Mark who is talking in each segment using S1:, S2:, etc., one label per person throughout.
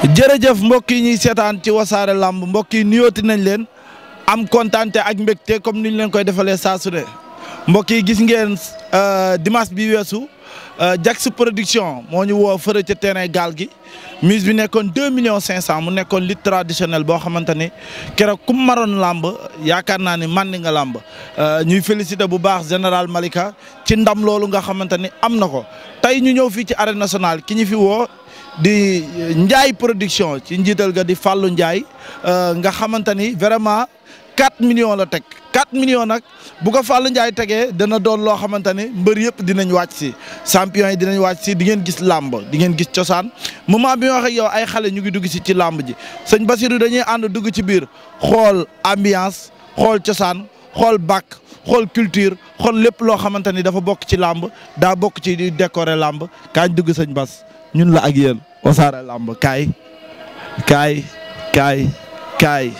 S1: jërëjëf mbokk yi ñuy seetaan ci wasaare làmb mbokk yi nuyooti nañ leen am kontaan ak mbégte comme ni ñu leen koy defalee saa su mbokk yi gis ngeen euh, dimanche bi weesu euh, Jax production moo ñu woo fëra ca terrain gaal gi mise bi nekkoon deux millions cinq cent mu nekkoon lutte traditionnelle boo xamante ni keroog ku maroon làmb yaakaar naa ni màndi nga làmb euh, ñuy félicité bu baax général Malika ci ndam loolu nga xamante ni am na ko tey ñu ñëw fii ci arène ki ñu fi woo di eh, Ndiaye production ci njiital ga di Fallou Ndiaye euh, nga xamante ni vraiment 4 millions la teg 4 million nag bu ko Fallou Ndiaye tegee dana doon loo xamante ne mbër yëpp dinañ wàcc si champion yi dinañ wàcc si di ngeen gis làmb di ngeen gis cosaan moment bi wax ak yow ay xale ñu ngi dugg si ci làmb ji sëñ Basirou dañuy ànd dugg ci biir xool ambiance xool cosaan xool bak xool culture xool lépp loo xamante ni dafa bokk ci làmb daa bokk ci décorer làmb kaañ dugg sëñ Bas. ñun la ak yéen Wassare Lamb kaay kaay kaay kaay.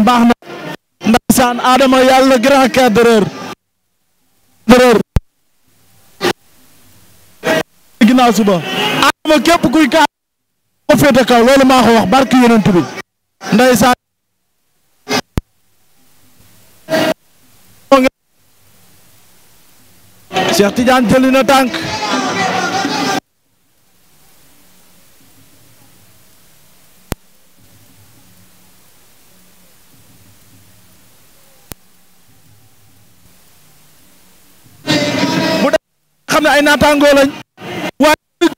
S1: am baax na ndaysaan Adama yàlla grand cadreur cadreur ginnaaw suba Adama képp kuy ka ko féete kaw loolu maa ko wax barki yonent bi ndaysaan Cheikh Tidiane jëli na tànk ay naataangoo lañ waaye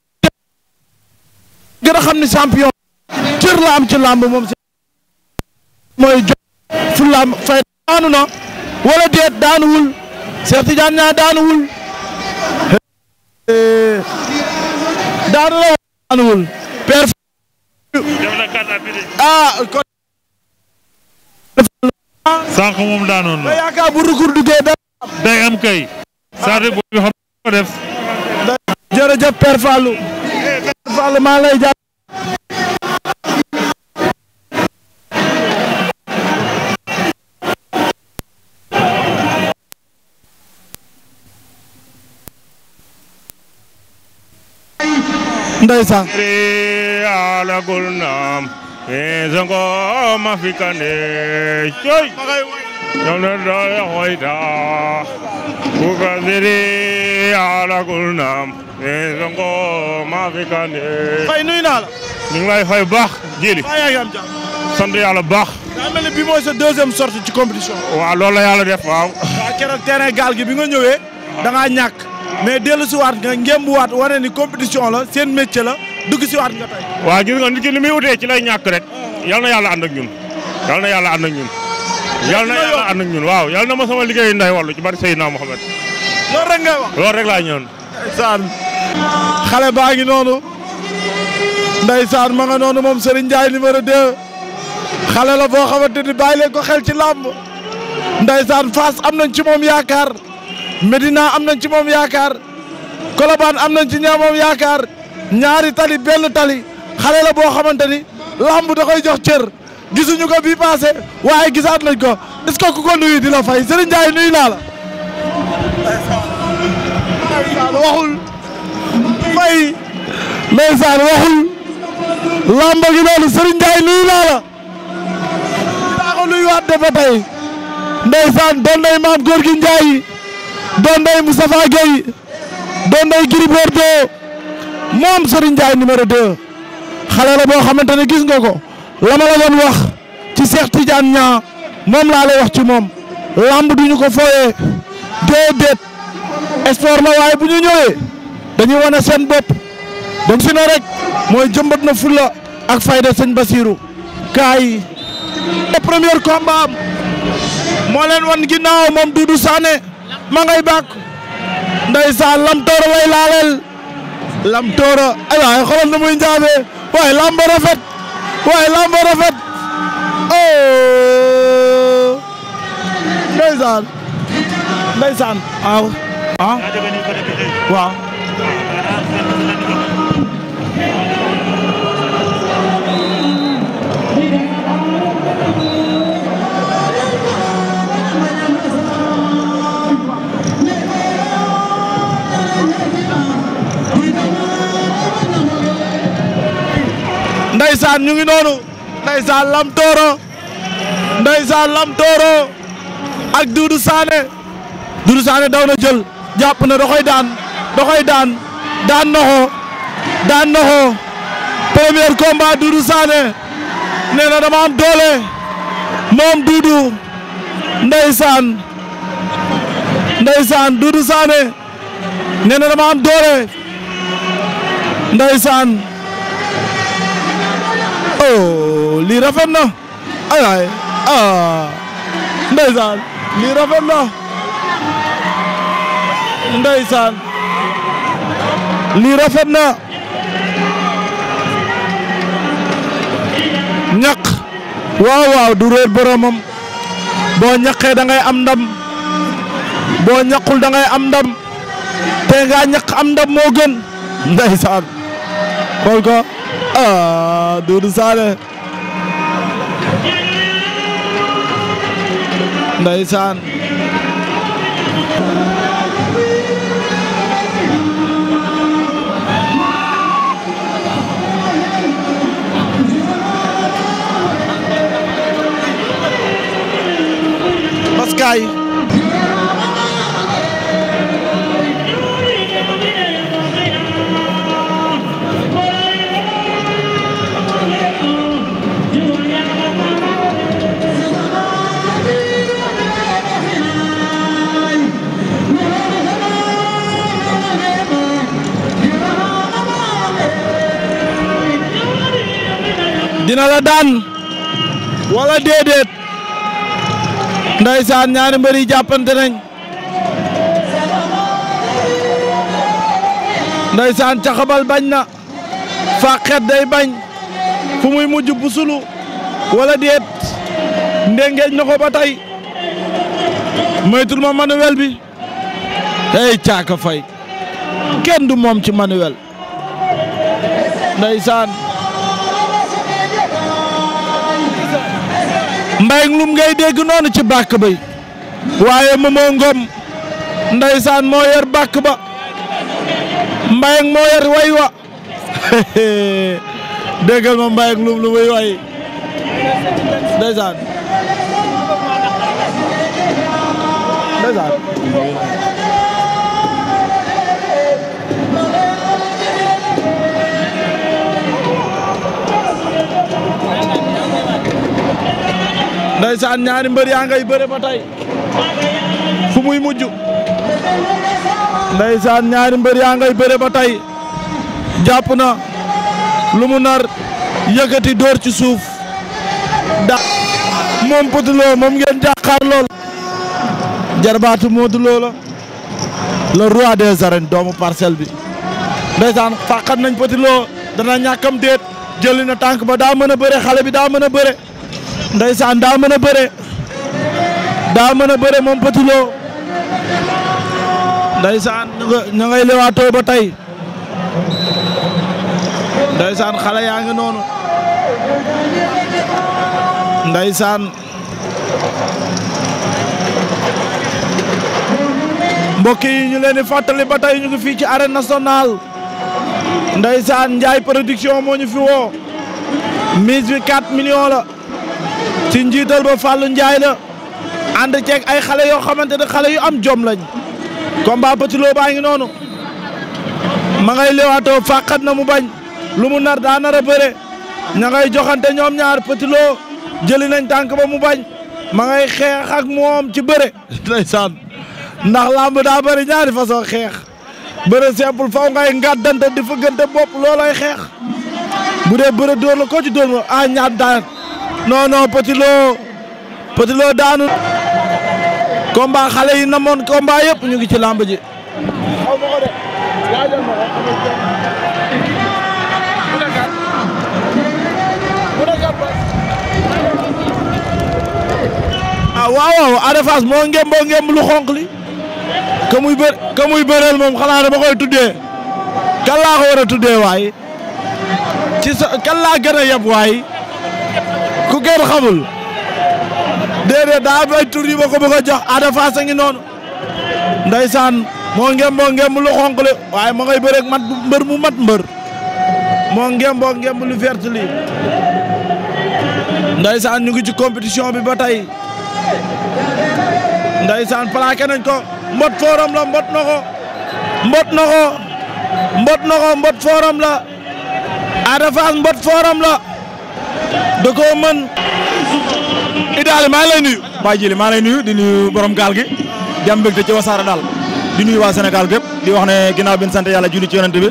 S1: gën xam ni champion cër la am ci làmb moom si mooy jo fu làmb fay daanu na wala déet daanuwul Cheikh Tidiane ñaa daanu la daanuwul père ah kon sànq moom daanoon la yaakaar bu rukur duggee day am kay saate boobu xam ko def jërëjëf Père Fallou Père Fallou maa lay jàpp ndeysaan
S2: alagul naam ezongo mafikane coy yona da hoyta
S1: ku kasiri alagul naam Sonko
S3: maa fi fay
S1: la. ñu ngi lay fay bu baax jëli. waaw yaa bu baax. daa bi ni mooy sa deuxième sortie ci compétition. waaw loolu la yàlla def waaw. waaw keroog terrain gaal gi bi nga ñëwee. da ngaa ñàkk. mais dellu si waat nga ngémbuwaat wane ni compétition la seen métier la dugg si waat nga tey. waaw gis nga nit ki li muy ci lay ñàkk rek. Oh. yal na
S2: yàlla ànd ak ñun. yal na yàlla ànd ñun. yal na yàlla ànd ak ñun waaw yal na ma sama liggéeyu nday wallu ci bari Seydina Mohamed. loolu rek ngay wax
S1: xale baa ngi noonu ndeysaan ma nga noonu moom Serigne Ndiaye numéro 2 xale la boo xamante ni bàyyi leen ko xel ci làmb ndeysaan Fass am nañ ci moom yaakaar Medina am nañ ci moom yaakaar Colobane am nañ ci ñaa moom yaakaar ñaari tali benn tali xale la boo xamante ni làmb da koy jox cër gisuñu ko bii passé waaye gisaat nañ ko est-ce que ku ko nuyu di la fay Serigne Ndiaye nuyu naa la fay ndeysaan waxul lamba gi noonu Serigne Ndiaye nuyu naa la daa ko nuyuwaat de ba tey ndeysaan maam góor gi Ndiaye doon nay Moustapha Gueye doon moom Serigne Ndiaye numéro 2 xale la boo xamante ne gis nga ko la ma la doon wax ci Cheikh Tidiane Niang moom laa wax ci moom lamb duñu ko fooyee déedéet sport la waaye bu ñu ñëwee dañuy wane seen bopp dañ fi ne rek mooy jëmbat na fulla ak fayda sëñ Basiru kaay le premier combat am moo leen wan moom Doudou Sané ma ngay bàkk ndeysaan Lam Toora lay laaleel Lam Toora ay waay xoolal na muy njaabee waaye lamba rafet waaye lamba rafet oh ah. ndeysaan ñu ngi noonu ndeysaan Lam Tooro ndeysaan Lam Tooro ak Doudou Sané Doudou Sané daw na jël jàpp na da daan daan daan daan na ko premier combat Doudou Sané nee na doole moom Doudou ndeysaan ndeysaan Doudou Sané nee na dama am doole ndeysaan oh lii rafet na ay waay ah ndeysaan lii rafet na ndeysaan lii rafet na ñaq waaw waaw du réer boo ñaqee dangay am ndam boo ñaqul dangay am ndam te nga am ndam moo gën ndeysaan xool ah Doudou Sané ndeysaan Paskaay dina la daan wala déedéet ndeysaan ñaari mbër yi jàppante nañ ndeysaan caxabal bañ na fàqet day bañ fu muy mujj bu sulu wala déet ndengeej na ko ba ma manuel bi hey caaka fay kenn du moom ci manuel ndeysaan mbay lum ngay dégg noonu ci bàkk bay waaye moomoo ngom ndeysaan moo yor bàkk ba mbayang moo yor way wa déggal ma mbayang lum lu muy way ndeysaan ndeysaan ndeysaan ñaari mbër yaa ngay bëre ba tey fu muy mujj ndeysaan ñaari mbër yaa ngay bëre ba tey jàpp na lu mu nar yëkkati dóor ci suuf da moom Petit Lo moom ngeen jàkkaar lool jarbaatu Modou Lo la le roi des arènes doomu parcelle bi ndeysaan fàqat nañ Petit dana ñàkkam déet na tànk ba daa mën a bëre xale bi daa mën a bëre ndeysaan daa mën a bëre daa mën a bëre moom Petit Lo ndeysaan ñu ngay ba tey ndeysaan xale yaa ngi noonu ndeysaan mbokk yi ñu leen di fàttali ba tey ñu ngi fii ci arène nationale ndeysaan Ndiaye production moo ñu fi woo mise bi 4 millions la ci njiital ba Fallou Ndiaye la ànd ceeg ay xale yoo xamante ne xale yu am jom lañ combat Petit Lo baa ngi noonu ma ngay leewaatoo fàqat na mu bañ lu mu nar daa nar a bëre ña ngay joxante ñoom ñaar Petit Lo nañ tànk ba mu bañ ma ngay xeex ak moom ci bëre ndeysaan ndax làmb daa bëri ñaari façon xeex bëre simple faw ngay ngàddante di fëggante bopp loolay xeex bu dee bëre dóor la ko ci dóor ma ah ñaar daan non non Petit Lo daanu. combat xale yi namoon combat yëpp ñu ngi ci làmb ji. ah waaw waaw Ada Fass moo ngem boo lu xonq li ka muy bë muy bëreel moom xanaa dama koy tuddee kan laa war a tuddee waay ci sa kan laa gën a yab waay. kenn xamul déedéet daa am ay tur ko bëgg jox Ada ngi noonu ndeysaan moo ngem boo xonq li waaye ma ngay bëreeg mat mbër mu mat mbër moo ngem boo ngem lu vert ñu ngi ci compétition bi ba tey ndeysaan plaqué nañ ko mbot fooram la mbot na mbot na mbot na la Ada mbot fooram la da koo mën. Idaali maa lay nuyu. Baye Jili maa lay nuyu di nuyu borom gaal gi. di am mbégte ci wasaare daal. di nuyu waa Sénégal gépp di wax ne ginnaaw bi ñu sant yàlla julli ci yonent bi.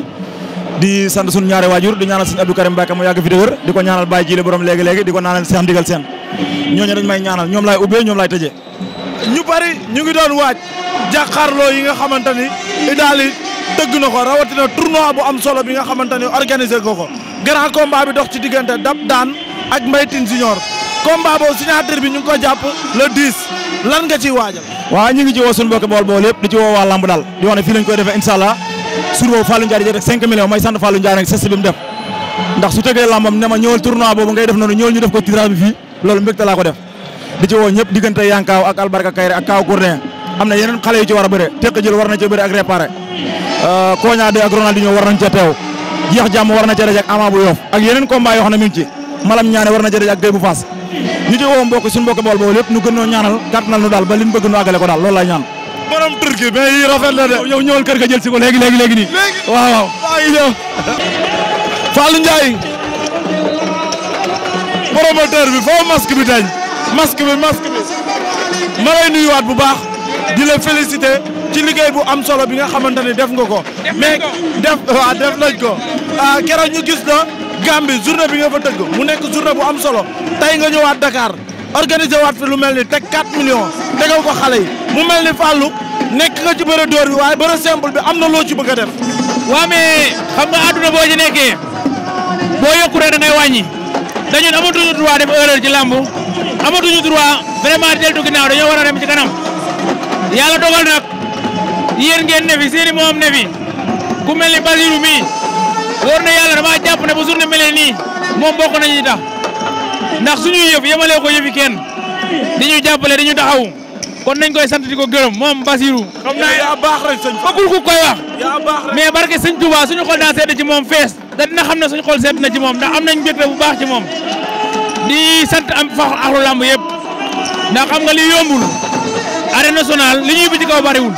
S1: di sant sunu ñaari waajur di ñaanal sëñ Abdou Karim Mbacke mu yàgg fi de wër di ko ñaanal Baye Jili borom léegi léegi di ko ñaanal Cheikh Ndigal Sène. ñooñu dañ may ñaanal ñoom laay ubbee ñoom laay tëjee. ñu bari ñu ngi doon waaj jàkkaarloo yi nga xamante ni Idaali tëgg na ko rawatina tournoi bu am solo bi nga xamante ni organisé ko ko grand combat ci diggante dab daan ak Mbaye Tine Junior combat boobu signature bi ñu ngi ko jàpp le 10 lan nga ciy waajal. waaw ñu ngi ci woo suñu mbokk bool bool yëpp di ci woo waa lamb daal di wax ne fii lañ koy defee incha allah sur boobu Fallou Ndiaye di may sant Fallou Ndiaye nag cesse bi def ndax su tegee lambam ne ma ñëwal boobu ngay def noonu ñëwal ñu def ko tirage bi fii loolu mbégte ko def di ci woo ñëpp diggante Yankaaw ak Albarka Kayre ak Kaaw Gourdin am na yeneen xale yu ci na ci bëre na ca daj ak malam ñaane war na jëriñ ak Guèye bu Faas ñu ci woo mbokk suñu mbokk bool bool yëpp ñu gën ñoo ñaanal gàttanal nu daal ba liñ bëgg nu àggale ko daal loolu laay ñaan borom tur gi mais yi rafet na de yow kër ga si ko léegi léegi léegi nii waaw waaw waaye ñëw Fallou Ndiaye bi foo masque bi dañ masque bi masque bi ma lay nuyuwaat bu baax di la féliciter ci liggéey bu am solo bi nga xamante ne def nga ko mais def waaw def nañ ko ah, keroog ñu gis la Gambie journée bi nga fa tëgg mu nekk journée bu am solo tey nga ñëwaat dakaar organiser waat fi lu mel ni teg 4 millions tegal ko xale yi mu mel ni Fallou
S2: nekk nga ci bëre dóor bi waaye bëre simple bi am na loo ci bëgg a def. waa mais xam nga àdduna boo ci nekkee boo yokku rek da ngay wàññi dañu amatuñu droit def erreur ci làmb amatuñu droit vraiment deltu ginnaaw dañoo war a dem ci kanam yàlla dogal nag yéen ngeen ne fi seeni moom ne fi ku mel ni Basirou wóor na yàlla dama jàpp ne bu journée mel nii moom bokk nañu ñi tax ndax suñuy yëf yemalee ko yëfi kenn di ñu jàppale di ñu taxaw kon nañ koy sant di ko gërëm moom Basirou. xam naa yaa baax rek sëñ bëggul ku koy wax. mais barke sëñ Touba suñu xol daa sedd ci moom fees. da dina xam ne suñu xol sedd na ci moom ndax am nañ mbégte bu baax ci moom di sant am fax axlu lamb yëpp ndax xam nga li yombul. arène nationale li ñuy bi ci kaw bariwul.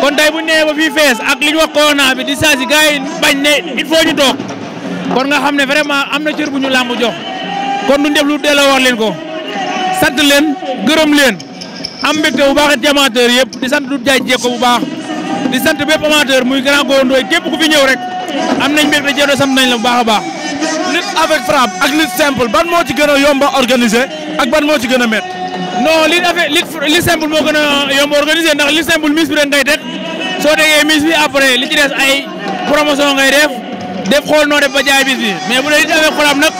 S2: kon tey bu ñu nee ba fii fees ak li ñu wax corona bi distance yi gars yi bañ ne il faut ñu toog kon nga xam ne vraiment am na cër bu ñu làmb jox kon duñ def lu delloo wax leen ko sant leen gërëm leen am mbégte bu baax ci amateur yëpp di sant du jaay jéego bu baax di sant bépp amateur muy grand Gora Ndoye képp ku fi ñëw rek am nañ mbégte jéego sant nañ la bu baax a baax. lutte avec frappe ak lutte simple ban moo ci gën a yomb organiser ak ban moo ci gën a métti. non lutte avec lutte simple moo gën ndax lutte simple mise bi ren ngay teg. soo déggee mise bi après li ci des ay promotion ngay def def xool noo def ba jaay mais bu dee nit avec xolam nag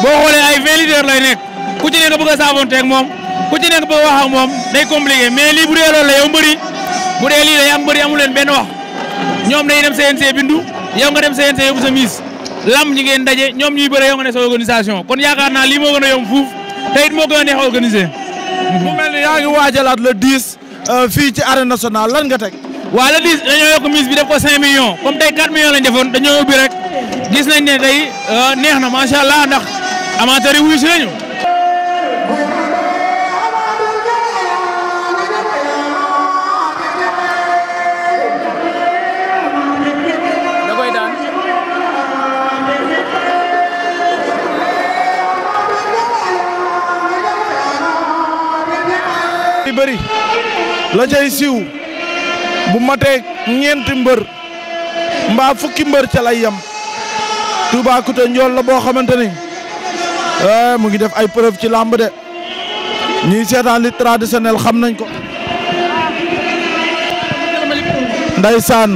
S2: boo xoolee ay vingt litres lay nekk ku ci nekk bëgg a saafonteeg moom ku ci nekk bëgg a wax ak moom day compliqué mais lii bu dee loolu la yow bu dee lii la yow mbëri amu leen benn wax ñoom day dem CNC bindu yow nga dem CNC yóbbu sa mise lam ñi ngeen daje ñoom ñuy bëre yow nga ne sa organisation kon yaakaar naa lii moo gën a yomb moo gën a neex a organiser. mu mel ni le 10 euh, fii ci arène nationale lan nga teg. waa le 10 dañoo yokk mise bi def ko 5 millions comme tey 4 millions lañ defoon dañoo ubbi rek gis nañ ne tey euh, neex na macha allah ndax amateurs yi si lañu.
S1: bëri la cay siiw bu matee ñeenti mbër mbaa fukki mbër ca lay yem njool la boo xamante ni eh, mu ngi def ay preuve ci làmb de ñiy seetaan li traditionnel xam nañ ko ndeysaan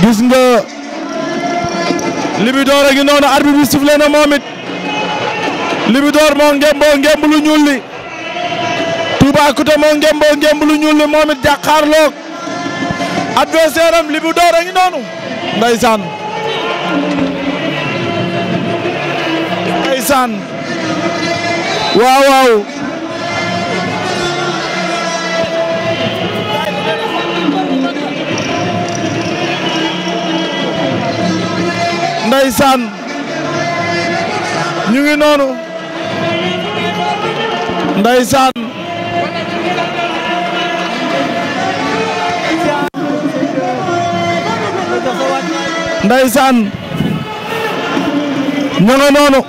S1: gis nga Libidoor a ngi noonu arbitre bi siflé na moom Libidoor moo ngemb lu ñuul li Toubacouta moo ngemb lu ñuul li moom it jàkkaarloog adversaire am li bu door a ngi noonu ndeysaan ndeysaan waaw waaw ndeysaan ñu ngi noonu ndeysaan ndeysaan ñu nga noonu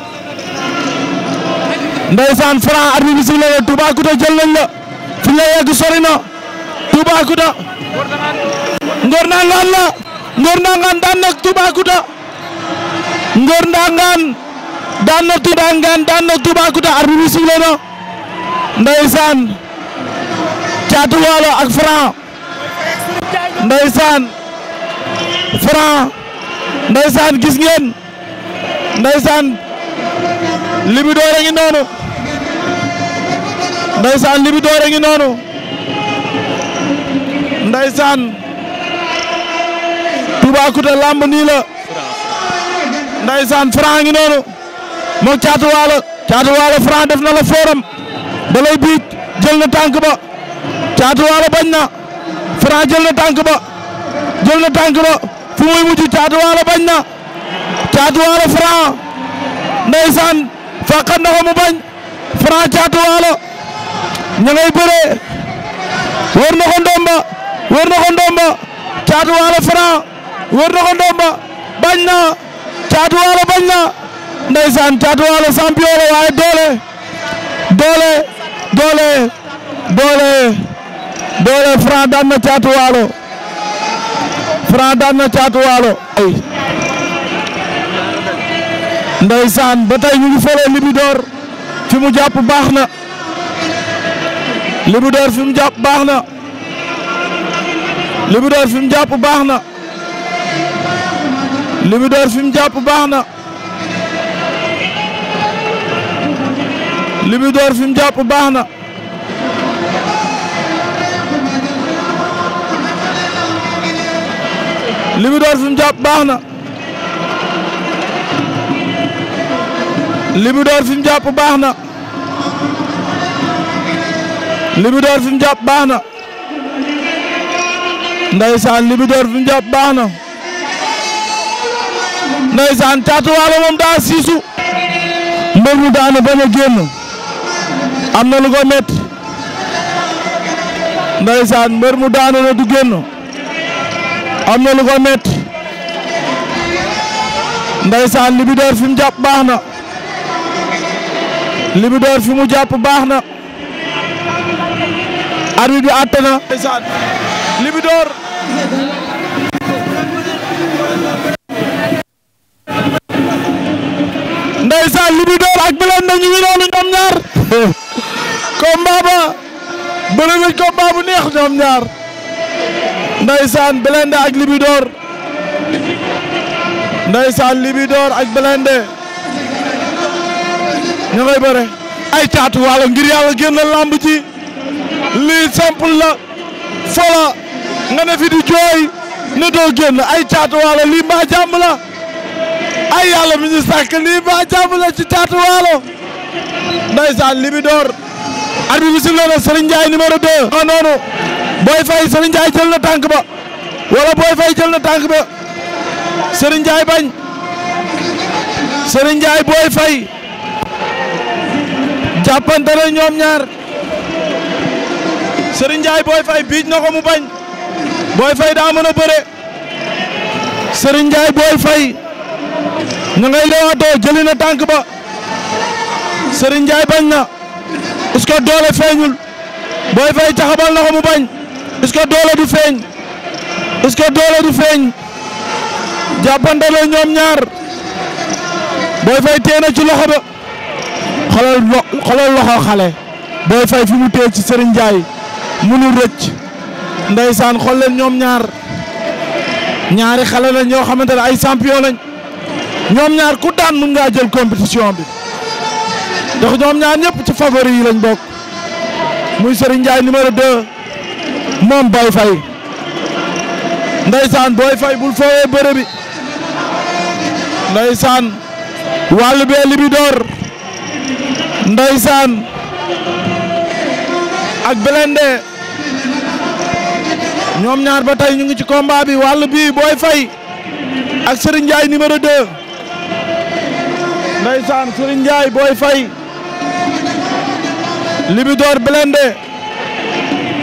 S1: ndeysaan Franc arbitre bi sifflé jël nañ la fi nga yegg sori na Ngor Ndangaan la Ngor Ndangaan daan na Toubacouta Ngor Ndangaan daan daan na Toubacouta arbitre bi sifflé na ndeysaan Caatu Waalo ak Franc ndeysaan Franc ndeysaan gis ngeen ndeysaan libidoor a ngi noonu ndeysaan libidoor a ngi noonu ndeysaan Toubacouta lamb nii la ndeysaan Franc a ngi noonu moo caatu waalo caatu waalo Franc def na la fooram da biit jël na tànk ba caatu waalo bañ na Franc jël na tànk ba jël na tànk ba fu muy mujj Caatu bañ na Caatu Waalo Franc ndeysaan fàqat na ko mu bañ Franc Caatu Waalo ña ngay bëree wër na ko ndomba wër na ko ndomba Caatu Waalo Franc wër bañ na Caatu bañ na ndeysaan Caatu Waalo champion la waaye doole doole doole doole doole Franc daan na Franc daan na Caatu Waalo ay ndeysaan ba tey ñu ngi fële Libidor fi mu jàpp baax na Libidor fi mu jàpp baax na Libidor fi mu jàpp baax na Libidor fi mu jàpp baax na Libidor fi mu jàpp baax na li mu jàpp baax na li mu jàpp baax na li mu doon jàpp baax na ndeysaan li mu jàpp baax na ndeysaan Caatu Waalo moom daa siisu mbër mu daana bañ a génn am na lu ko métti ndeysaan mu daana na du génn am na lu ko metti ndeysaan Libidor fi mu jàpp baax na Libidor fi mu jàpp baax na arbitre bi àtte na ndeysaan Libidor ndeysaan Libidor ak Blindé ñu ngi noonu ñoom ñaar combat ba bu neex ñoom ñaar Ndeysaan Blindé ak Libidor Ndeysaan Libidor ak Blindé ñu ngay bëre ay caatu waalo ngir yàlla génn lamb ci lii simple la fola nga ne fi jooy ne doo génn ay caatu waalo lii mbaa jàmm la ay yàlla mi ñu sàkk lii mbaa jàmm la ci caatu waalo Ndeysaan Libidor arbitre bi si loona Serigne Ndiaye numéro 2 Boy Faye Serigne Ndiaye jël na tànk ba wala Boy Faye jël na tànk ba Serigne Ndiaye bañ Serigne Ndiaye Boy Faye jàppante ñoom ñaar Serigne Ndiaye Boy Faye biij na ko mu bañ Boy Faye daa mën bëre Serigne Ndiaye Boy Faye ñu ngay leewaatoo jëli na tànk ba Serigne Ndiaye bañ na est doole feeñul Boy Faye taxabal na ko mu bañ est-ce que doole du feeñ est-ce que doole du feeñ jàppante la ñoom ñaar Boy Faye téye na ci loxo ba xoolal lo xoolal loxo xale Boy Faye fi mu téye ci Serigne Ndiaye mënul rëcc ndeysaan xool leen ñoom ñaar ñaari xale lañ ñoo xamante ne ay champion lañ ñoom ñaar ku daan mën ngaa jël compétition bi ndax ñoom ñaar ñëpp ci favori yi lañ bokk muy Serigne Ndiaye numéro 2. moom Boy Faye ndeysaan Boy Faye bul foowee bëre bi ndeysaan bee libidoor ndeysaan ak Blindé ñoom ñaar ba tey ñu ngi ci combat bi wàll bi Boy Faye ak Serigne Ndiaye numéro 2 ndeysaan Serigne Ndiaye Boy Faye Libidor Blindé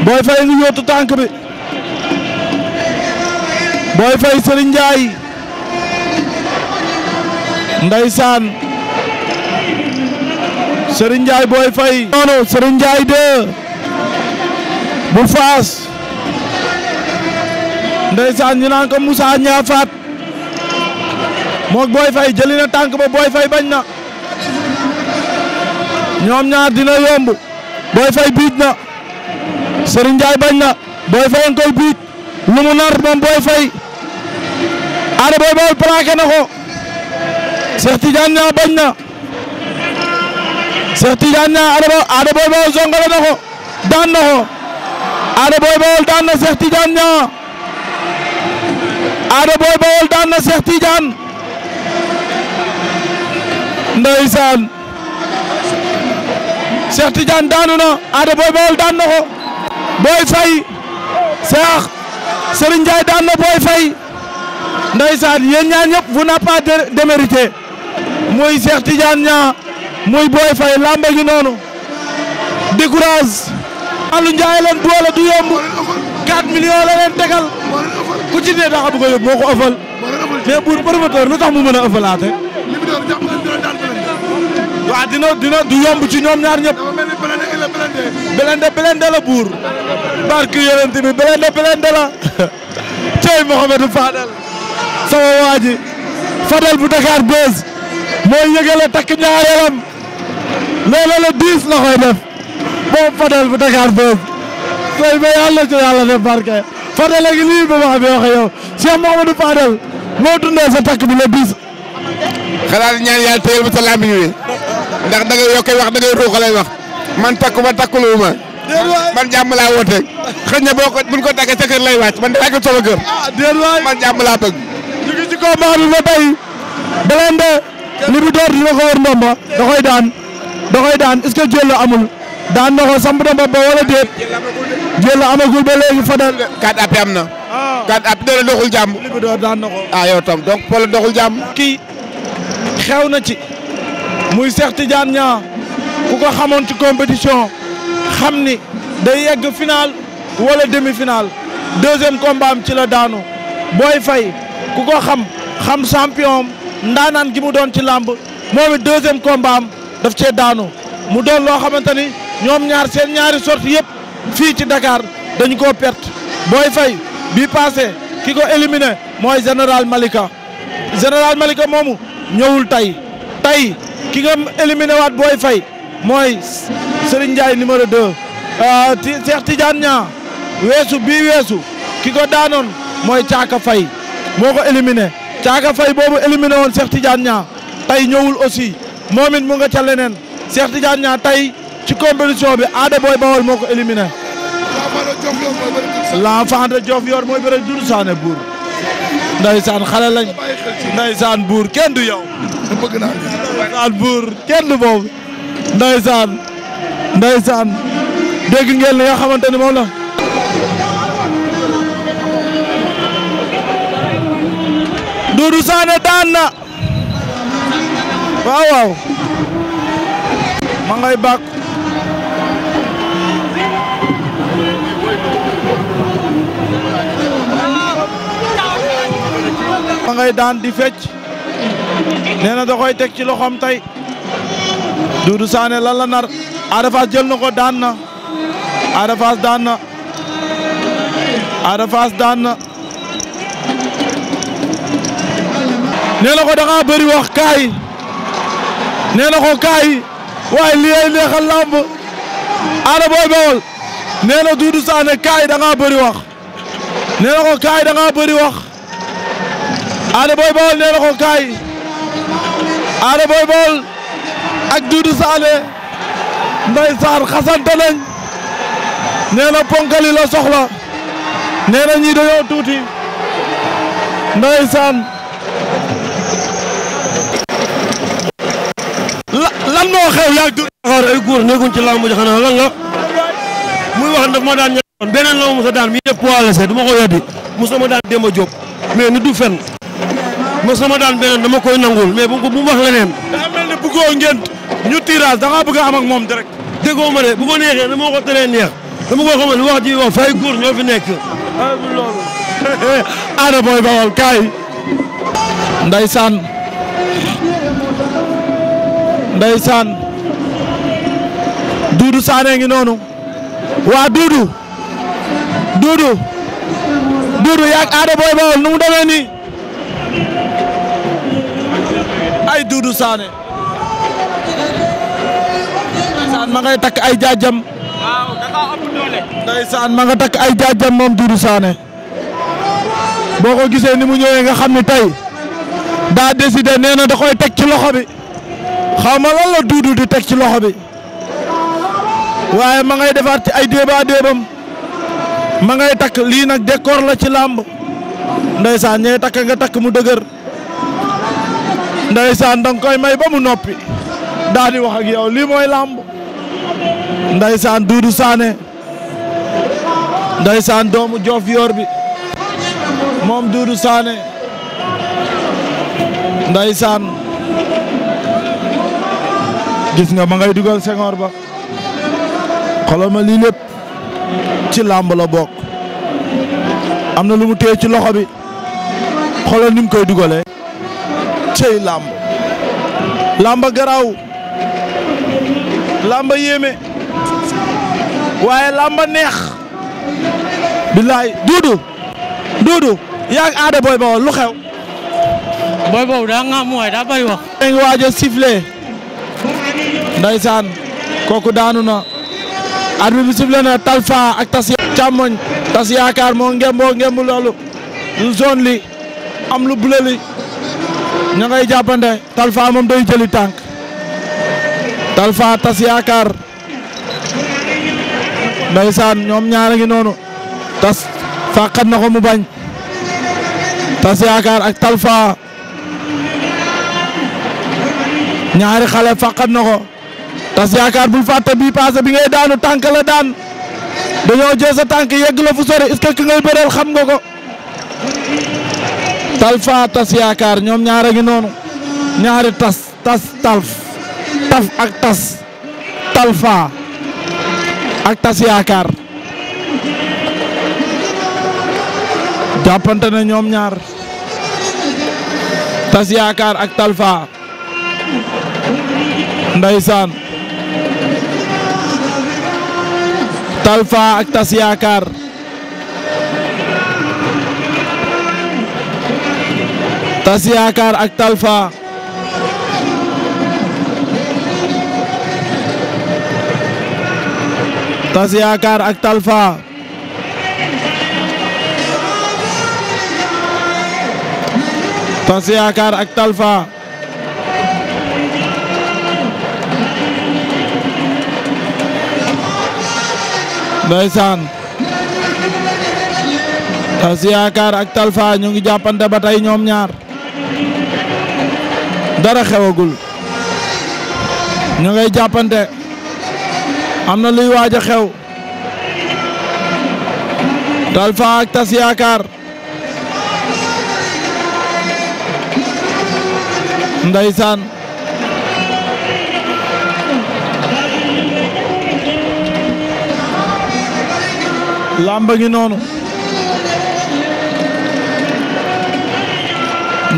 S1: Boy Faye ngi yóotu tànk bi Boy Faye Serigne Ndiaye ndeysaan Serigne Ndiaye Boy Faye noonu Serigne Ndiaye de bu faas ndeysaan ñu naan ko Moussa Niafat moog Boy Faye jëli na tànk ba Boy bañ na ñoom ñaar dina yomb Boy Faye biij na Serigne Ndiaye bañ na Boy Faye nga koy lu mu nar moom Boy Faye Ada Boy Faye plaqué na ko Cheikh Tidiane Niang bañ na Cheikh Tidiane na ko daan na daan na Cheikh Tidiane Niang Ada Boy Faye daan na Cheikh Tidiane ndeysaan daan na ko Boy Faye Cheikh Serigne Ndiaye daan na Boy Faye ndeysaan yéen ñaar ñëpp vous n'a pas démérité muy Cheikh Tidiane ñaa muy Boy Faye lamba gi noonu décourage Alu Ndiaye leen boole du yomb 4 millions la leen tegal ku ci ne daxa bu ko yóbbu ko ëffal mais pour promoteur lu tax mu mën a ëffalaate waa dina dina du yomb ci ñoom ñaar ñëpp Blindé Blindé la buur barki yonent bi Blindé Blindé la cey Mouhamadou Fadal sama waa ji Fadal bu Dakar Buzz mooy yëgale takk ñaareelam loolu la diis la koy def moom Fadal bu Dakar Buzz sooy ba yàlla ci yàlla def barke Fadal ak lii ba wax bi waxe yow Cheikh Fadal moo dundee sa takk bi la diis xalaat ñaan yàlla téyel bu sa lambiñ wi ndax da ngay yokkee wax da ngay ruuxalay wax man takku ba takkuluwu ma. man jàmm laa woote. xëy na boo ko buñ ko lay wàcc man dafa sama kër. ah man jàmm bëgg. ñu ngi ci combat bi ba dina ko wër ndomba. da koy daan da koy daan est que jël amul. daan na ko samp ba wala déet. jël la amagul ba léegi Fadel. kat app am na. kat app dina doxul jàmm. Libidor daan na ko. ah donc Paul doxul jàmm. kii xew na ci. muy Cheikh Tidiane Niang. ku ko xamoon ci compétition xam ni day yegg final wala demi-finale deuxième combat am ci la daanu booy fay ku ko xam xam champion ndaanaan gi mu doon ci làmb moom it deuxième combat am daf cee daanu mu doon loo xamante ni ñoom ñaar seen ñaari sortie yëpp fii ci Dakar dañu koo perte Boy fay bi passé ki ko élimine mooy général Malika général Malika moomu ñëwul tey tey ki nga éliminé waat Boy Faye mooy Serigne Ndiaye numéro 2. Euh, ti Cheikh Tidiane weesu bii weesu ki ko daanoon mooy Caaka Fay moo ko éliminé Caaka Fay boobu éliminé woon Cheikh Tidiane Niang tey ñëwul aussi moo it mu nga ca leneen Cheikh Tidiane Niang tey ci compétition bi Ada Boy Bawol moo ko éliminé. l'enfant de Diof yor mooy bëre Doudou Sané buur ndaysaan xale lañ ndaysaan buur kenn du yow. bëgg naa ndaysaan buur kenn du boobu. ndeysaan ndeysaan dégg ngeen li nga xamante ni moom la Doudou Sané daan na aw waaw ma ngay bàkk ma ngay daan di fecc nee na da koy teg ci loxoom tey Doudou Sané lan la nar Ada Fass jël na ko daan na Ada Fass daan na Ada Fass daan na nee ko da bëri wax kaay nee ko kaay waaye lii ay neexal làmb Ada Boy Baol nee na Doudou bëri wax nee ko kaay da bëri wax Ada Boy Baol ko kaay Ada Boy ak Doudou Sané ndeysaan xasante nañ nee na ponkali la soxla nee na ñii dañoo tuuti ndeysaan lan moo xew yaa Doudou Sané ay
S2: góor nekkuñ ci làmb ji xanaa lan la muy wax daf ma daan ñëwoon beneen la ma mos a daan mi def poids la du ma ko weddi mos a ma daan Demba Diop mais ni du fen mos na ma daan
S1: beneen dama koy nangul mais bu mu wax leneen. daa mel ne bëggoo ngeen ñu tirage da ngaa bëgg a am ak moom direct. déggoo ma bu ko neexee dama ko teree neex dama ko xamal wax ji wax fay góor ñoo fi nekk.
S4: ah
S1: loolu. ngi noonu. waa Doudou. Doudou. Doudou yaak Ada Boy Baol nu mu demee Doudou Sané ma ngay takk ay jaajam
S4: waaw da
S1: nga takk ay jaajam moom Doudou Sané boo ko gisee ni mu ñëwee nga xam ne tey daa décidé nee na da koy teg ci loxo bi xaw ma lan la Doudou di teg ci loxo bi waaye ma ngay defaat ci ay déeba déebam ma ngay takk lii nag décor la ci làmb ndeysaan ñee takk nga takk mu dëgër ndeysaan danga koy may ba mu noppi daal di wax ak yow lii mooy làmb ndeysaan Doudou Sané saan doomu Joof Yoor bi moom Doudou Sané saan gis nga ma ngay dugal sengoor ba xoolal ma lii ci làmb la bokk am na lu mu téye ci loxo bi xoolal ni mu koy dugalee cey làmb làmba garaaw làmba yéeme waaye làmba neex billaay duudu duudu yaag aada booy boobu lu xew booy boobu daa nga mooy daa bay wax eng waajo sifflé ndaysaan kooku daanu na arbitre bi na talfa ak tas càmmoñ tas yaakaar moo ngemboo ngemb loolu lu zone li am lu bula li ña ngay jàppante Talfa moom day jëli tànk Talfa tas yaakaar ndeysaan ñoom ñaara ngi noonu tas fàqat na ko mu bañ tas yaakaar ak Talfa ñaari xale fàqat na ko tas yaakaar bul fàtte bii passé bi ngay daanu tànk la daan dañoo jël sa tànk yegg la fu sori est-ce que ki xam nga ko Talfa tas yaakaar ñoom ñaara ngi noonu ñaari tas tas talf taf ak tas Talfa ak tas yaakaar jàppante ñoom ñaar tas yaakaar ak Talfa ndeysaan Talfa ak tas yaakaar tas yaakaar ak talfa tas yaakaar ak talfa tas yaakaar ak talfa ndeysaan tas yaakaar ak talfa ñu ngi jàppante ba tey ñoom ñaar dara xewagul ñu ngay jàppante am na luy waaj a xew Talfa ak Tas Yaakaar ndeysaan làmba ngi noonu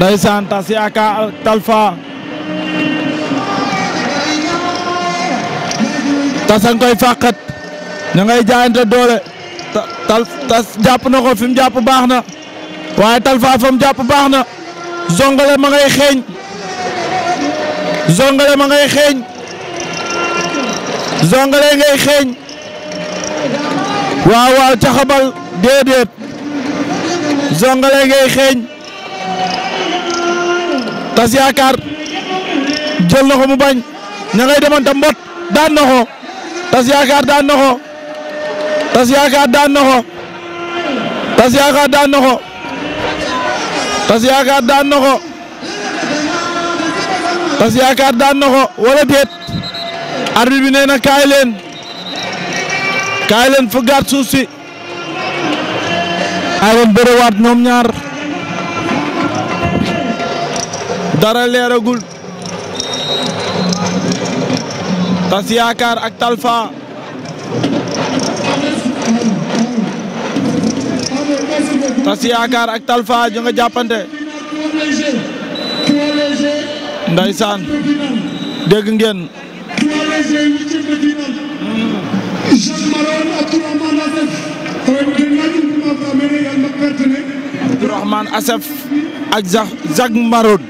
S1: ndeysaan tas yaakaar talfa tas a ngi koy fàqat ña ngay jaayante doole tas jàpp na ko fi mu jàpp baax na waaye talfa fa mu jàpp baax na zongale ma ngay xeeñ zongale ma ngay xeeñ zongale ngay xeeñ waaw waaw caxabal déedéet zongale ngay xeeñ tas yaakaar jël na mu bañ ña ngay demante mbot daan na ko tas yaakaar daan na ko tas yaakaar daan na ko tas yaakaar daan na ko tas yaakaar daan na wala déet arbitre bi kaay leen kaay leen fëggaat suuf si ay woon bëriwaat ñoom ñaar dara leeragul tas yaakaar ak talfa tas yaakaar ak talfa ñu nga jàppante ndaysaan dégg ngeen Abdourahmane Assef ak Jacques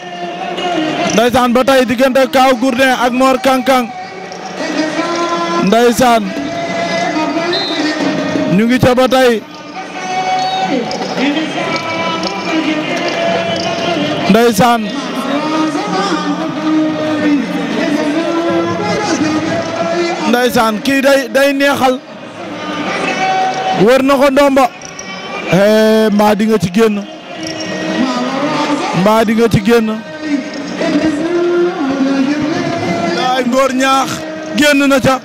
S1: ndaysaan ba tey diggante Kaaw Gourdin ak Mor Kankang ndaysaan ñu ngi ca ba tey ndaysaan ndaysaan kii day day neexal wër na ko ndomba mbaa di ci génn mbaa di nga ci génn ngóor ñaax génn na ca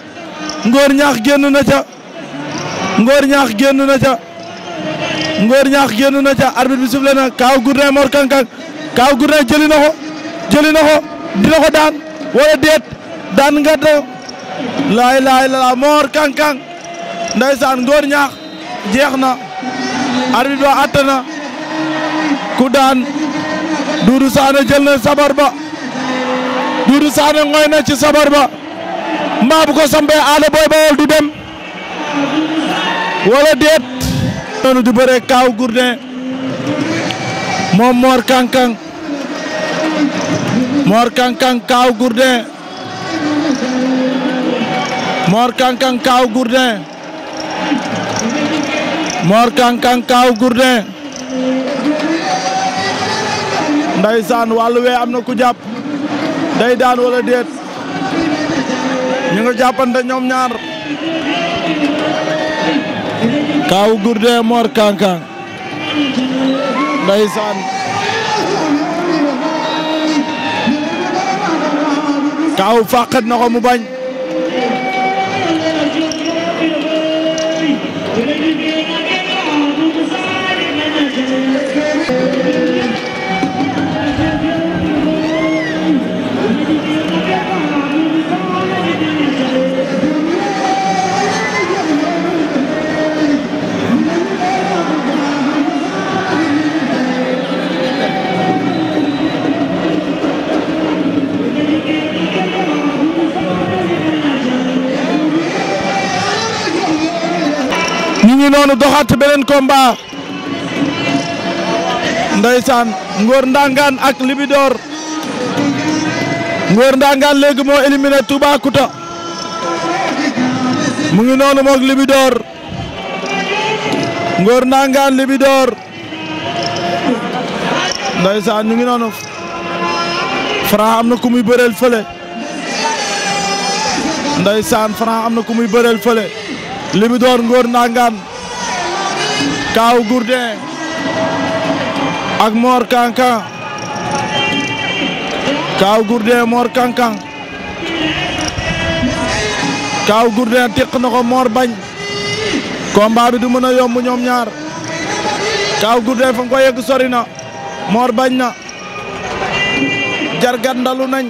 S1: ngóor ñaax génn na ca ngóor ñaax génn na ca ngóor ñaax génn na ca arbitre bi sifflé na Kaaw Gourdin Mor Kang Kang Kaaw Gourdin na ko jëli na ko dina ko daan wala déet daan nga laay laay la Mor Kang Kang ndeysaan ngóor ñaax jeex na arbitre ba àtte na ku daan Doudou Sané jël sabar ba Doudou Sané ngoy na ci sabar ba mbaa bu ko sambee Ada Boy Baol du dem wala déet noonu di bëree Kaaw Gourdin moom Mor Kankang Mor Kankang Kaaw Gourdin Mor Kankang Kaaw Gourdin Mor Kankang Kaaw Gourdin ndeysaan wàllu wee am na ku jàpp day daan wala déet ñu nga jàppante ñoom ñaar Kaawu Gourdin Mor Kang Kang ndeysaan Kaawu fàqat na ko mu bañ ngi noonu doxaat beneen combat ndeysaan Ngor Ndangaan ak Libidor Ngor Ndangaan léegi moo éliminé Toubacouta mu ngi noonu moog Libidor Ngor Ndangaan Libidor ndeysaan ñu ngi noonu am na ku muy bëreel fële ndeysaan am na ku muy bëreel Libidor Ngor Ndangaan Kaaw Gourdin ak Mor Kankan Kaaw Gourdin Mor Kankan Kaaw Gourdin teq na ko Mor bañ combat bi du mën a yomb ñoom ñaar Kaaw Gourdin fa nga ko sori na Mor bañ na jargat ndalu nañ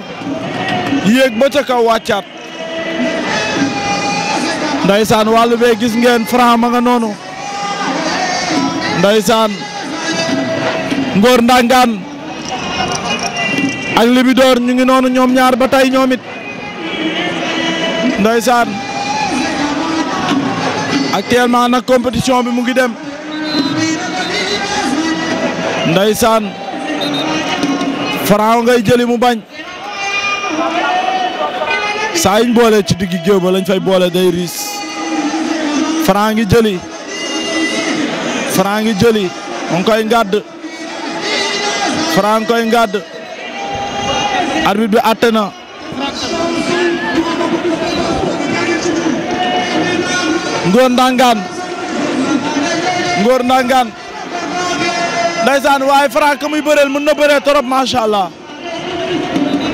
S1: yéeg ba ca kaw wàccaat ndaysaan wàllu bee gis ngeen Franc ma nga noonu ndaysaan Ngor Ndangaan ak Libidoor ñu ngi noonu ñoom ñaar ba tey ñoom it ndaysaan actuellement nag compétition bi mu ngi dem ndaysaan Franc ngay jëli mu bañ saa yiñ boole ci diggi géew ba lañ fay boole day riis Franc ngi jëli Franc ngi jëli mu ngi koy ngàdd Franc koy ngàdd arbitre bi àtte na Ngor Ndangaan Ngor Ndangaan ndeysaan waaye Franc muy bëreel mën na bëree trop macha allah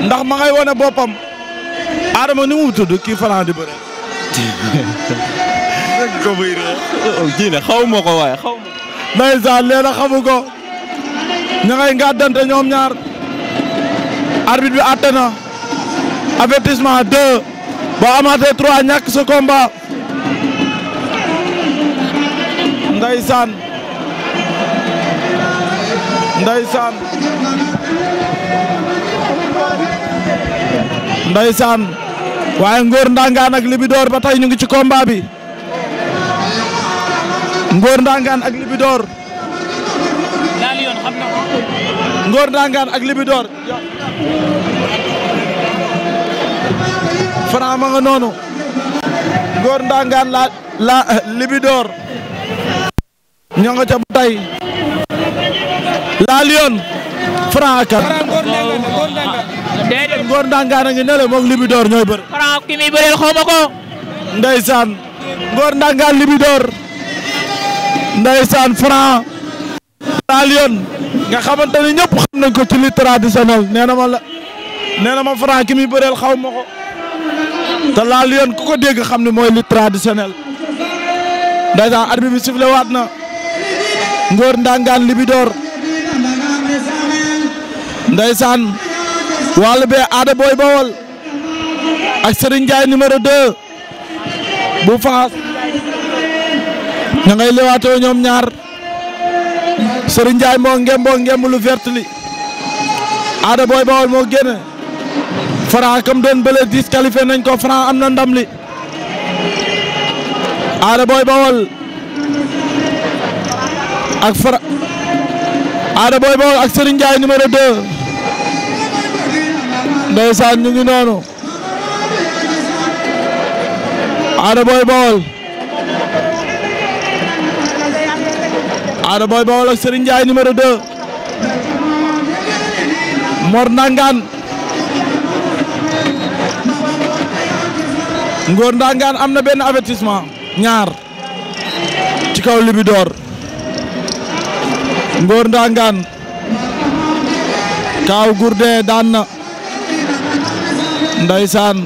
S1: ndax ma ngay wone boppam Adama ni mu tudd kii Franc di bëreel
S4: rek ko buy
S1: diine oh, xaw ma ko waaye xaw ma ko. ndeysaan nee na xamu ko. ña ngay gàddante ñoom ñaar. arbitre bi àtte na. avertissement deux. boo amaatee trois ñàkk sa combat. ndeysaan. ndeysaan. ndeysaan. waaye Ngor Ndangaan ak Libidor ba tey ñu ngi ci combat bi. Ngor Ndangaan ak Libidor. ak Libidor. Franc ma nga noonu. Ngor Ndangaan la la Libidor. ñoo nga Franc kan. déedéet Ndangaan a ngi la moom Libidor ñooy bëri. Franc ki muy bëreel Ndangaan Libidor. ndeysaan franc Lion nga xamante ne xam nañ ko ci li traditionnel nee na ma la nee na ma franc ki muy bëreel xaw ma ko te la Lion ku ko dégg xam ne mooy li traditionnel ndeysaan arbitre bi waat na Ngor Ndangaan Libidoor ndeysaan wàllu bee aada booy bawol ak Serigne Ndiaye numéro
S4: 2 bu faas
S1: ña ngay lewaatoo ñoom ñaar Serigne Ndiaye moo ngemboo ngemb lu vert li Boy Baol moo génne Franc comme doon bële disqualifié nañ ko Franc am na ndam li Ada Boy Baol ak Franc Ada Boy Baol ak Serigne ñu ngi noonu Ada Boy Baol Ada Boy Baol ak Serigne Ndiaye numéro 2 Mor Ndangaan Ngor Ndangaan am na benn avertissement ñaar ci kaw Libidor Ngor Ndangaan Kaaw Gourdin daan na Ndeysaan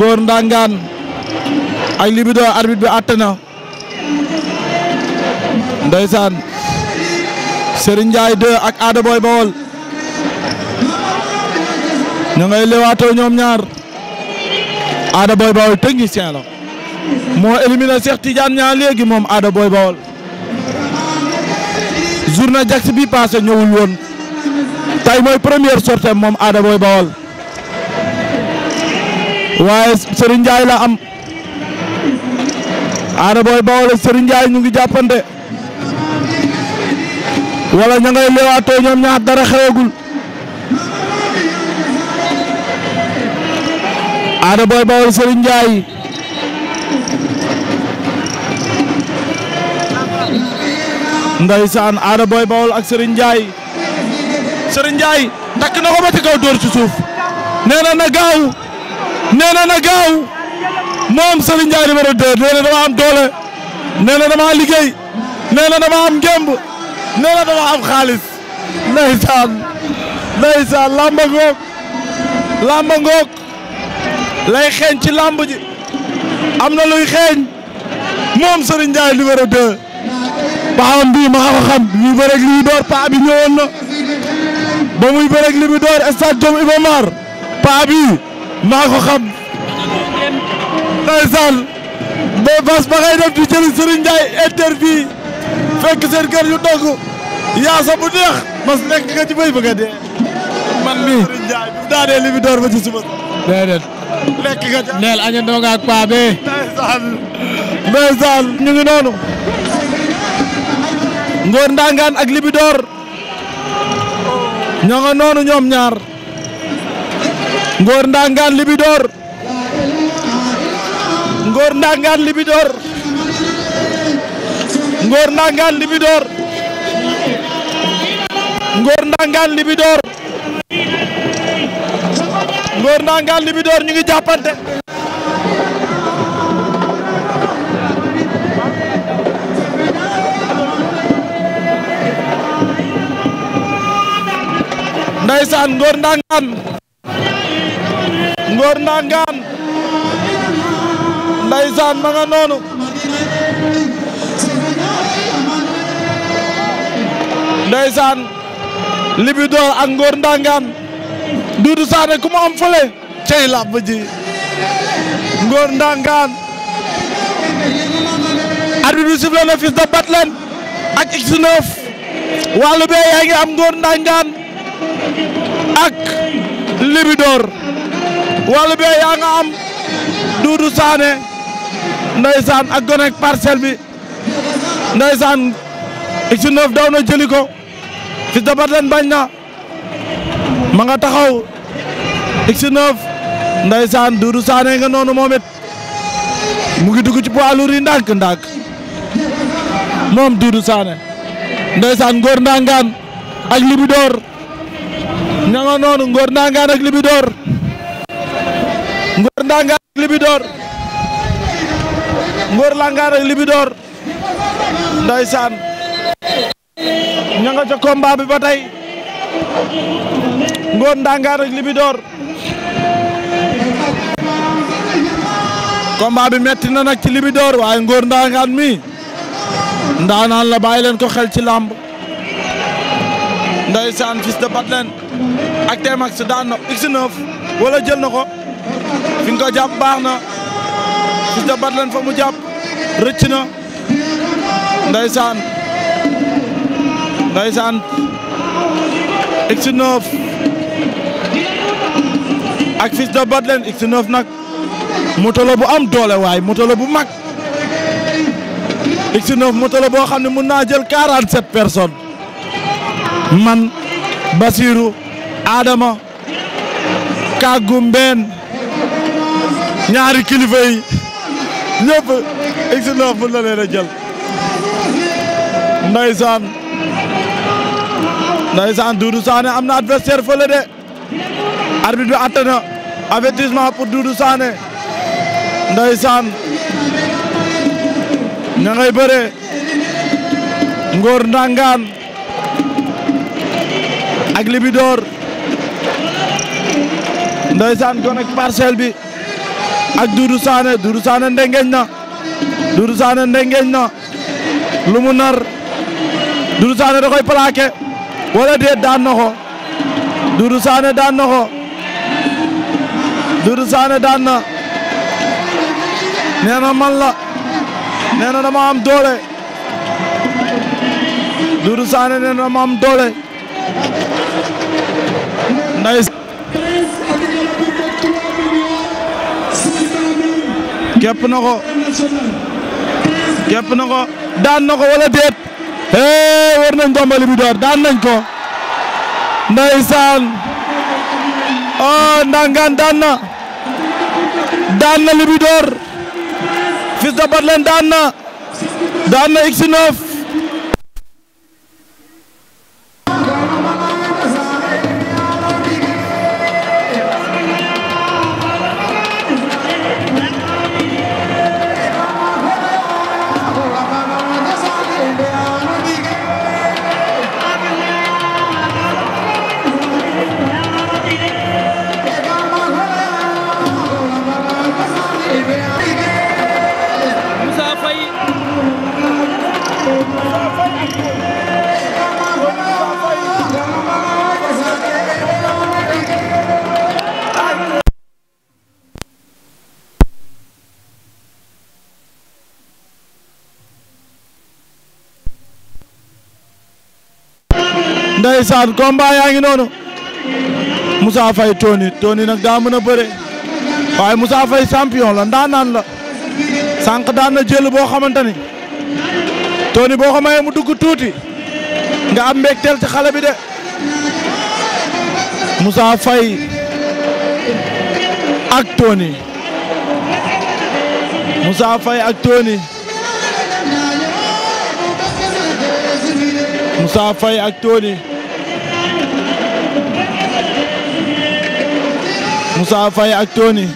S1: Ngor Ndangaan ak Libidor arbitre bi àtt na ndeysaan Serigne Ndiaye 2 ak Ada Boy Baol ñu ngay lewaatoo ñoom ñaar Ada Boy Baol technicien la moo éliminé Cheikh Tidiane ñaar léegi moom Ada Boy Baol journée jax bi passé ñëwul woon tay mooy première sortie moom Ada Boy Baol waaye Serigne Ndiaye la am Ada Boy Baol ak Serigne ñu ngi jàppante wala ña ngay leewaatoo ñoom ñaar dara xewagul Ada Boy Baol Serigne Ndiaye ndeysaan Ada Boy Baol ak Serigne Ndiaye Serigne na ko ci kaw dóor ci suuf na gaaw nee na gaaw moom Serigne Ndiaye numéro 2 nee dama am doole nee dama liggéey nee na dama am ngemb nee dama am xaalis ndeysaan ndeysaan làmb ngoog xeeñ ci làmb ji am na luy xeeñ moom Serigne Ndiaye numéro 2 paxam bii maa ko xam muy bëreg li bi door paa bi ñëwoon na ba muy bëreg li bi door stade Jom Iba Mar paa bii maa ko xam ndeysaan Mbaye Bass ba ngay def di jëli Serigne Ndiaye interview fekk seen kër yu dogg yaasa bu neex mas nekk nga ci bay a dee. man mii Serigne Ndiaye bu li mu door ba ci neel añu doog ak paa bee. ndeysaan ndeysaan ñu ngi noonu. Ngor Ndangaan ak Libidor ñoo noonu ñoom ñaar Ngor Ndangaan Libidor Ngor Ndangaan Libidor Ngor Ndangaan Libidor Ngor Ndangaan Ngor Ndangaan Libidor ñu ngi jàppante Ndeysaan Ngor Ndangaan Ngor Ndangaan Ndeysaan ma nga noonu Ndeysaan Libidor ak Ngor Ndangaan Doudou Sané ku am fële cey làmb ji Ngor Ndangaan arbitre bi sifflé na Fils de Batlen ak X9 wàllu bee yaa ngi am Ngor Ndangaan ak Libidor wàllu bee yaa nga am Doudou Sané ndeysaan ak gonek parcelle bi ndeysaan X9 daw na jëli ko Fils bañ na ma nga taxaw X9 ndeysaan Doudou Sané nga noonu moom it mu ngi dugg ci poids yi ndànk ndànk moom Doudou Sané ndeysaan ngóor ndàngaan ak libidoor ña nga noonu ngóor ndàngaan ak libidoor ngóor ndàngaan ak libidoor Ngor Langaar ak Libidor ndeysaan ña nga ca combat bi ba tey Ngor Ndangaar ak Libidor combat bi metti na ci ci door waaye Ngor Ndangaan mi ndaanaan la bàyyi leen ko xel ci làmb ndeysaan fils de Batlen ak Tmax daan na x9 wala jël na ko fi ko jàpp baax na Fils de Batlen fa mu jàpp rëcc na ndeysaan ndeysaan X9 ak Fils de Batlen x bu am doole waay moto bu mag X9 moto boo xam ne mën naa jël 47 personnes man Basirou aadama Kaggu Mbeen ñaari kilifa yi ñëpp X9 mën na leen a jël ndaysaan ndaysaan Doudou Sané am na adversaire fële de arbitre bi atte na avertissement pour Doudou Sané ndaysaan ña ngay bëree Ngor Ndangaan ak Libidor ndaysaan kon ak parcelle bi ak Doudou Sané Doudou Sané ndengeñ na Doudou Sané ndengeñ na lu mu nar Doudou Sané da koy plaqué wala déet daan na ko Doudou saane daan na ko Doudou Sané na nee na man la nee na dama am doole Doudou Sané nee na dama am doole kepp na ko kepp na ko daan na ko wala déet hee war nañ dombali bi door daan nañ ko ndeysaan oh ndangaan daan na daan na Libidor Fils de Batlen daan na daan na x Ndeysaan combat yaa ngi noonu Moussa Faye Tony Tony nag daa mën a waaye Moussa champion la ndaanaan la sànq daan na jël boo xamante ni Tony boo ko mayee mu dugg tuuti nga am mbégteel ci xale bi de Moussa Faye ak Tony Moussa Faye ak Tony Moussa Faye ak Tony Moussa Faye ak Tony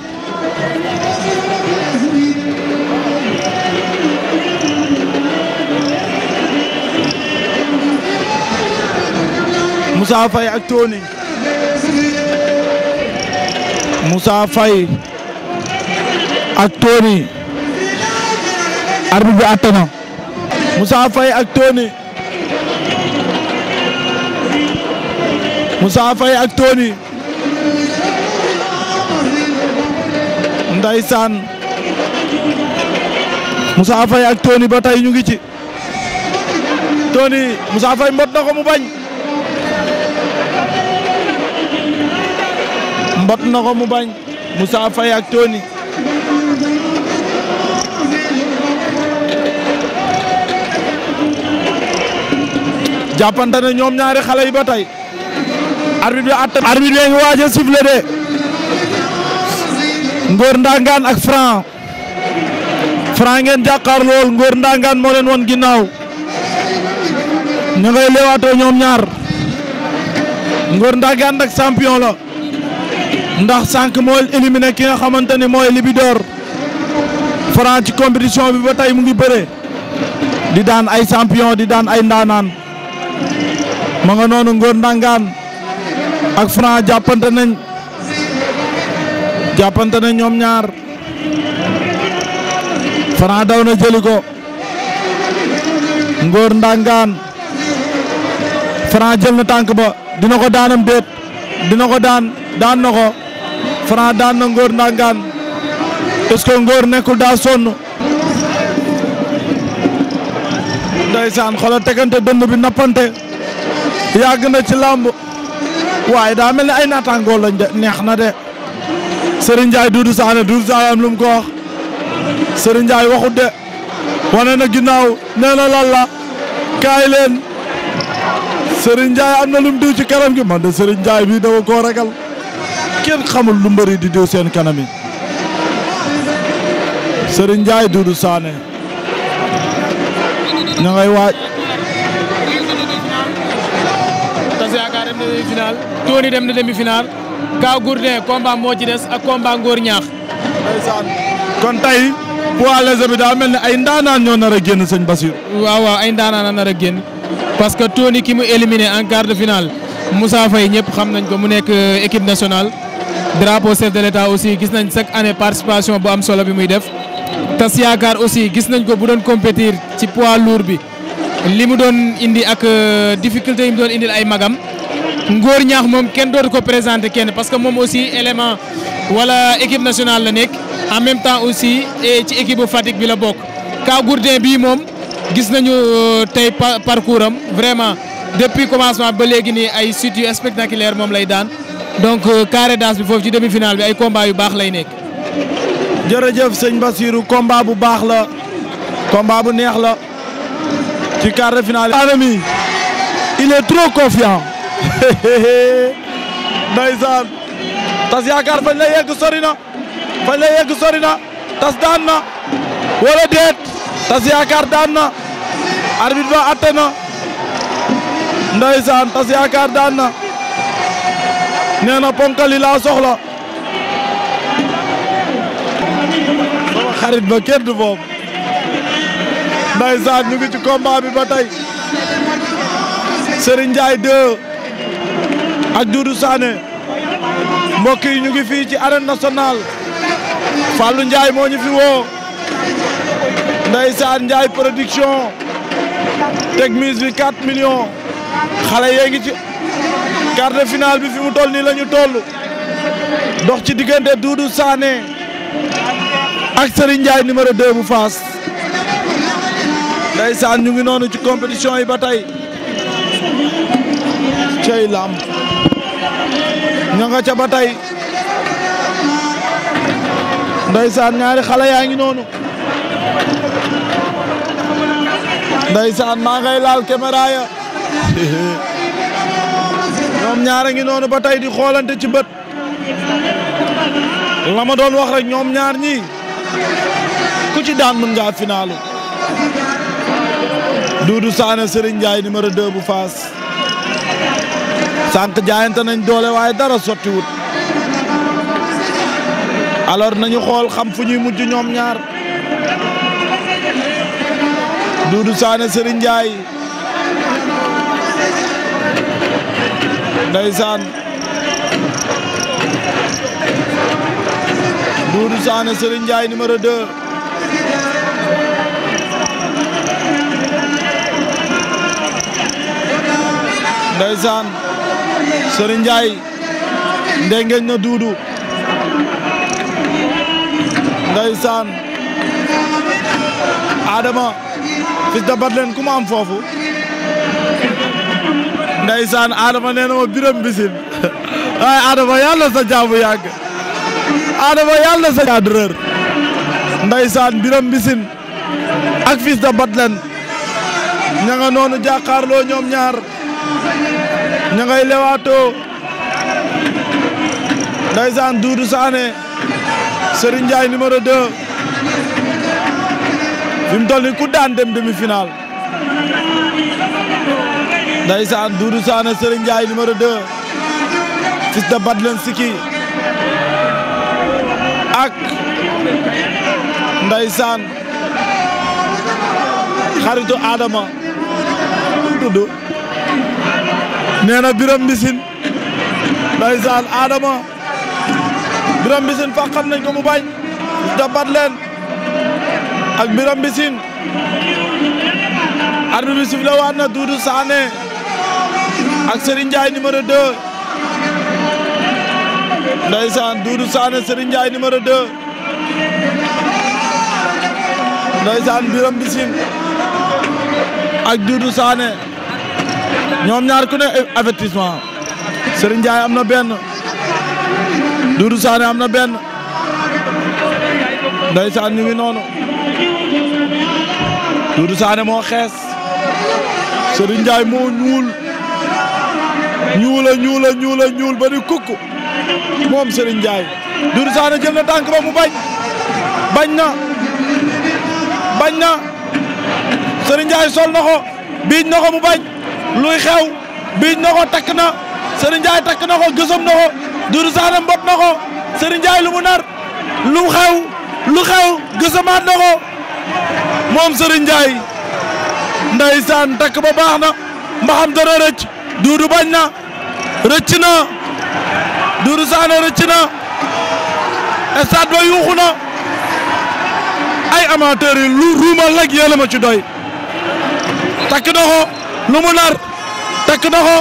S1: Moussa Faye ak Tony Moussa Faye ak Tony arbitre bi atte na Moussa Faye ak Tony Moussa Faye ak Tony Ndeysaan ak Tony ba tey ñu ngi ci Tony Moussa Faye ko mu bañ mbot na ko mu bañ Moussa Faye ak Tony jàppante ne ñoom ñaari xale yi ba tey arbitre bi àtt ngi waaj a sifflé de Ngor Ndangaan ak Franc Franc ngeen jàkkaar lool Ngor Ndangaan moo leen won ginnaaw ñu ngay leewaatoo ñoom ñaar Ngor Ndangaan nag champion la ndax sànq moo éliminé ki nga xamante ni mooy Libidor Franc ci compétition bi ba tey mu ngi bëre di daan ay champion di daan ay ndaanaan ma nga noonu Ngor Ndangaan ak Franc jàppante nañ jàppante nañ ñoom ñaar Franc daw na jëli ko Ngor Ndangaan Franc jël na tànk ba dina ko daanam déet dina ko daan daan na Franc daan ngóor Ngor Ndangaan est-ce que nekkul daa sonn ndeysaan xoolal tegante dënd bi nappante yàgg na ci làmb waaye daa mel ni ay naataangoo lañ de neex na de Serigne Ndiaye Doudou Sané am lu mu ko wax waxut de wane na ginnaaw nee na kaay leen Serigne Ndiaye am na lu diw ci kanam gi man de Serigne Ndiaye bii dama koo ragal. kenn xamul lu mbëri di diw seen kanam yi Serigne Ndiaye Doudou Sané ña ngay waaj.
S3: tas yaakaar dem na demi-finale. Tony dem na demi des ak combat ngóor ñaax. kon tey poids léger bi mel ne ay ndaanaan ñoo nar a génn sëñ Basir. waaw waaw ay ndaanaan a nar a génn parce que Tony ki mu éliminé en quart de finale Moussa Faye ñëpp xam nañ ko mu nekk équipe nationale. drapeau chef de l'état aussi gis nañ chaque année participation bu am solo bi muy def tas yaakaar aussi gis nañ ko bu doon compétir ci poids lourd bi li mu doon indi ak euh, difficulté yi mu doon indil ay magam ngóor ñaax moom kenn dootu ko présenter kenn parce que moom aussi élément wala équipe nationale la nekk en même temps aussi ci équipe bu Fatick bi la bokk Ka Gourdin bii moom gis nañu euh, tey parcours am vraiment depuis commencement ba léegi nii ay suites yu spectaculaire moom lay daan donc euh, carré d'as bi foofu ci demi finale bi ay combat yu baax lay nekk.
S1: jërëjëf sëñ Basirou combat bu baax la combat bu neex la ci quart de finale. Anami il est trop confiant. ndeysaan tas yaakaar fañ la yegg sori na tas daan na wala déet tas yaakaar daan na arbitre ba atte na ndeysaan tas yaakaar daan na. nee na ponkali la soxla sama xarit ba kenn du boobu ndeysaan ñu ngi ci komba bi ba tey Serigne Ndiaye 2 ak Doudou Sané mbokk yi ñu ngi fii ci arène nationale Fallou Ndiaye moo ñu fi woo ndeysaan Ndiaye production teg mise bi 4 millions xale yee ngi ci quart de bi fi mu toll nii lañu ñu dox ci diggante Doudou Sané ak Serigne Ndiaye numéro 2 bu Fass ndeysaan ñu ngi noonu ci compétition yi ba tey cey lamb ña nga ca ba tey ndeysaan ñaari xale yaa ngi noonu ndeysaan maa ngay laal caméra ñoom ñaar a ngi noonu ba tey di xoolante ci bët la ma doon wax rek ñoom ñaar ñii ku ci daan mën ngaa finaalu Doudou Sané Serigne Ndiaye numéro 2 bu Fass sànq jaayante nañ doole waaye dara sottiwut alors nañu xool xam fu ñuy mujj ñoom ñaar Doudou Sané ndeysaan Doudou Sané Serigne Ndiaye numéro 2 ndeysaan Serigne Ndiaye ndengeñ na Doudou ndeysaan Adama fils de Batlen ku am foofu ndeysaan Adama nee na ma biram bisin waaye Adama yàlla sa jaamu yàgg Adama yàlla sa cadreur ndeysaan biram bisin ak fils de Batlen ña nga noonu jàkkaarloo ñoom ñaar ña ngay lewaatoo ndeysaan Doudou Sané Serigne Ndiaye numéro 2 fi mu toll ni ku daan dem demi-finale ndeysaan Doudou Sané Serigne Ndiaye numéro 2 fils de Badlen Siki ak ndeysaan xaritu Adama tudd nee na Biram Mbissine ndeysaan Adama Biram Mbissine fa xam nañ ko mu bañ fils de Badlen ak Biram Mbissine arbitre bi sifflé waat na Doudou Sané ak Serigne Ndiaye numéro 2. Ndeysaan Doudou Sané Serigne Ndiaye numero 2. Ndeysaan Biram Bisim ak Doudou Sané ñoom ñaar ku ne avertissement Serigne Ndiaye am na benn Doudou Sané am na benn ndeysaan ñu moo xees Serigne Ndiaye moo ñuul ñuul a ñuul a ñuul a ñuul ba di kukk moom Serigne Ndiaye. Doudou jël na tànk ba mu bañ bañ na bañ na Serigne Ndiaye sol na ko biij na ko mu bañ luy xew biij na ko takk na Serigne Ndiaye takk na ko gësëm na ko Doudou Sané mbot na ko Serigne Ndiaye lu mu nar lu xew lu xew gësamaat na ko moom Serigne Ndiaye ndeysaan takk ba baax na mba dara rëcc. duudu bañ na rëcc na duudu saane rëcc na stade ba yuuxu na ay amateur yi lu ruumal nag yéen ci doy takk na ko lu mu nar takk na ko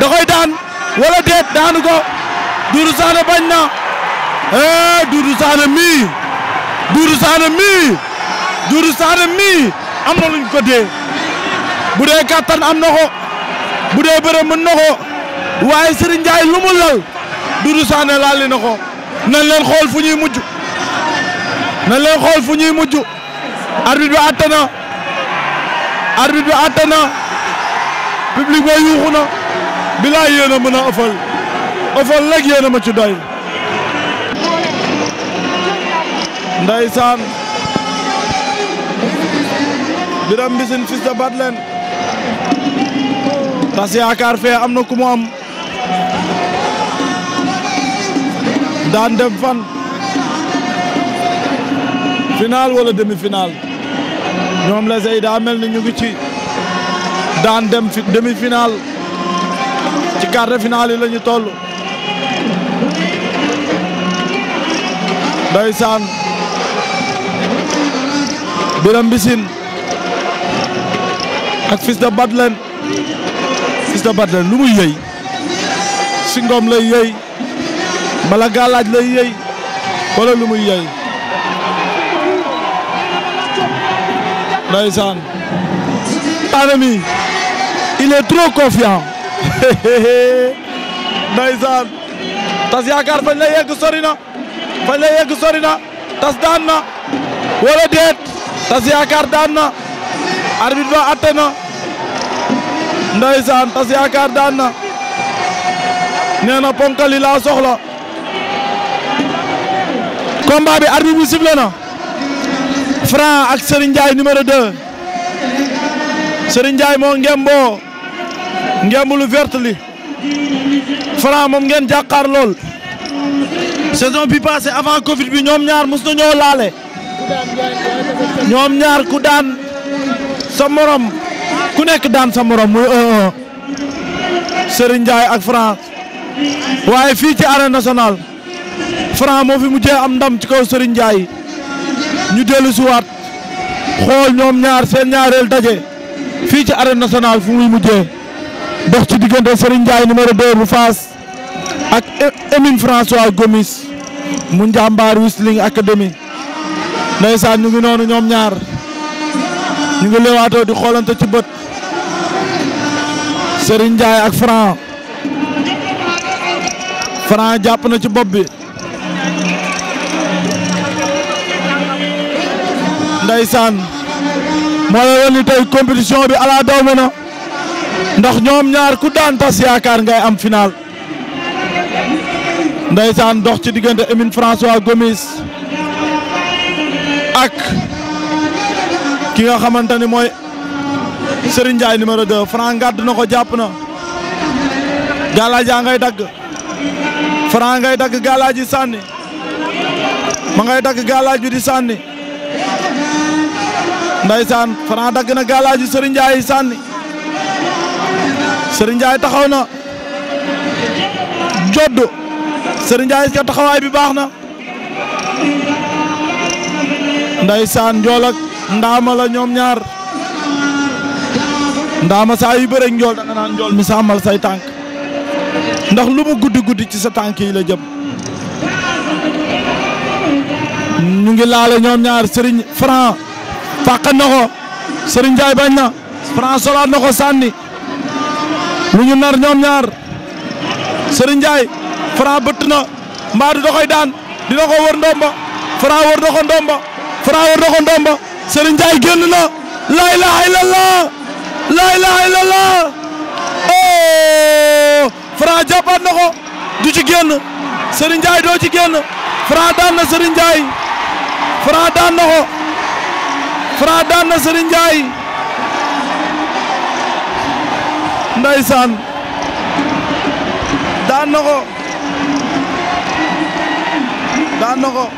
S1: da koy daan wala deet daanu ko duudu saane bañ na ee eh, duudu saane mii duudu saane mii duudu saane mii am na luñ ko dee bu dee kàttan am na ko bu dee bëre mën na ko waaye Serigne Ndiaye lu mu lal Doudou Sané laal na ko nañ leen xool fu ñuy mujj nañ leen xool fu ñuy mujj arbitre bi àtte na arbitre bi àtte na public ba yuuxu na bilaay yéen a mën a ëffal ëffal rek yéen a ma ci doy ndeysaan biram bisin fis bat leen tas yaakaar fee am na ku mu daan dem fan final wala demi final ñoom la ay daa mel ni ñu ngi ci daan dem demi final ci quart de finale yi la ñu toll ndeysaan Biram Bisin ak fils de Badlen Fils de Batler lu muy yëy si ngoom lay yëy mbala gàllaaj lay yëy wala lu muy yëy ndeysaan Adami il est trop confiant ndeysaan tas yaakaar fañ la yegg sori na fañ la yegg sori na tas daan na wala déet tas yaakaar daan na arbitre ba atte na ndeysaan tas yaakaar daan na nee na ponkal yi laa soxla combat bi arbitre bi sifflé na Franc ak Serigne Ndiaye numéro 2 Serigne Ndiaye moo ngemboo ngemb lu vert li Franc moom ngeen jàkkaar lool saison bi passé avant Covid bi ñoom ñaar mos na ñoo ñoom ñaar ku daan sa morom ku nekk daan sa morom muy 1-1 Serigne ak Franc waaye fii ci arène nationale Franc moo fi mujjee am ndam ci kaw Serigne Ndiaye ñu dellu si waat xool ñoom ñaar seen ñaareel daje fii ci arène national fu muy mujjee dox ci diggante Serigne Ndiaye numéro 2 bu Faas ak Emine François Gomis mu njàmbaar Wrestling Academy ndeysaan ñu ngi noonu ñoom ñaar ñu ngi leewaatoo di xoolante ci bët Serigne Ndiaye ak Franc Franc jàpp na ci bopp bi ndeysaan moo la woon compétition bi ala dawme na ndax ñoom ñaar ku daan tas yaakaar ngay am final ndeysaan dox ci diggante Emine François Gomis ak ki nga xamante ni mooy Serigne Ndiaye numéro 2 Franc gàdd na ko jàpp na galaaj ngay dagg Franc ngay dagg galaaj yi sànni ma ngay dagg galaaj di sànni ndeysaan Franc dagg na galaaj yi Serigne sànni Serigne Ndiaye taxaw na jodd Serigne ka taxawaay bi baax na ndeysaan njool ak ndaama ñoom ñaar ndaama saa yu bëreeg njool da nga naan njool mi sàmmal say tànk ndax lu mu guddi guddi ci sa tànk yi la jëm ñu ngi laale ñoom ñaar Serigne Franc fàq na ko Serigne bañ na Franc solaat na sànni lu ñu nar ñoom ñaar Serigne Ndiaye Franc bëtt na mbaadu da koy daan dina ko wër ndomba Franc wër na ko wër na ko ndomba génn na la ilaha illallah laa ilaaha illallah oh Franc jàppaat du ci génn Serigne Ndiaye doo ci génn Franc daan na Serigne Ndiaye Franc daan na ko Franc daan na ko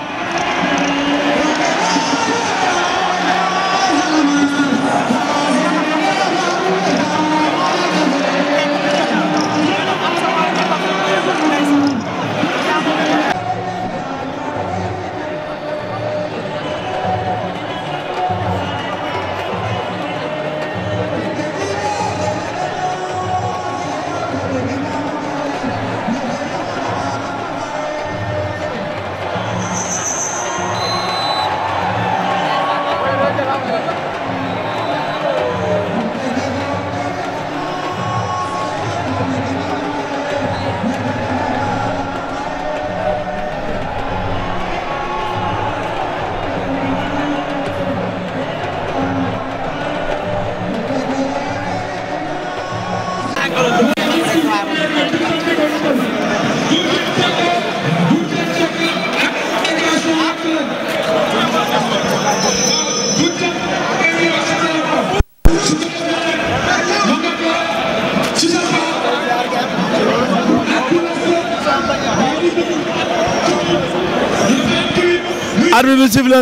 S1: arbitre bi sifflé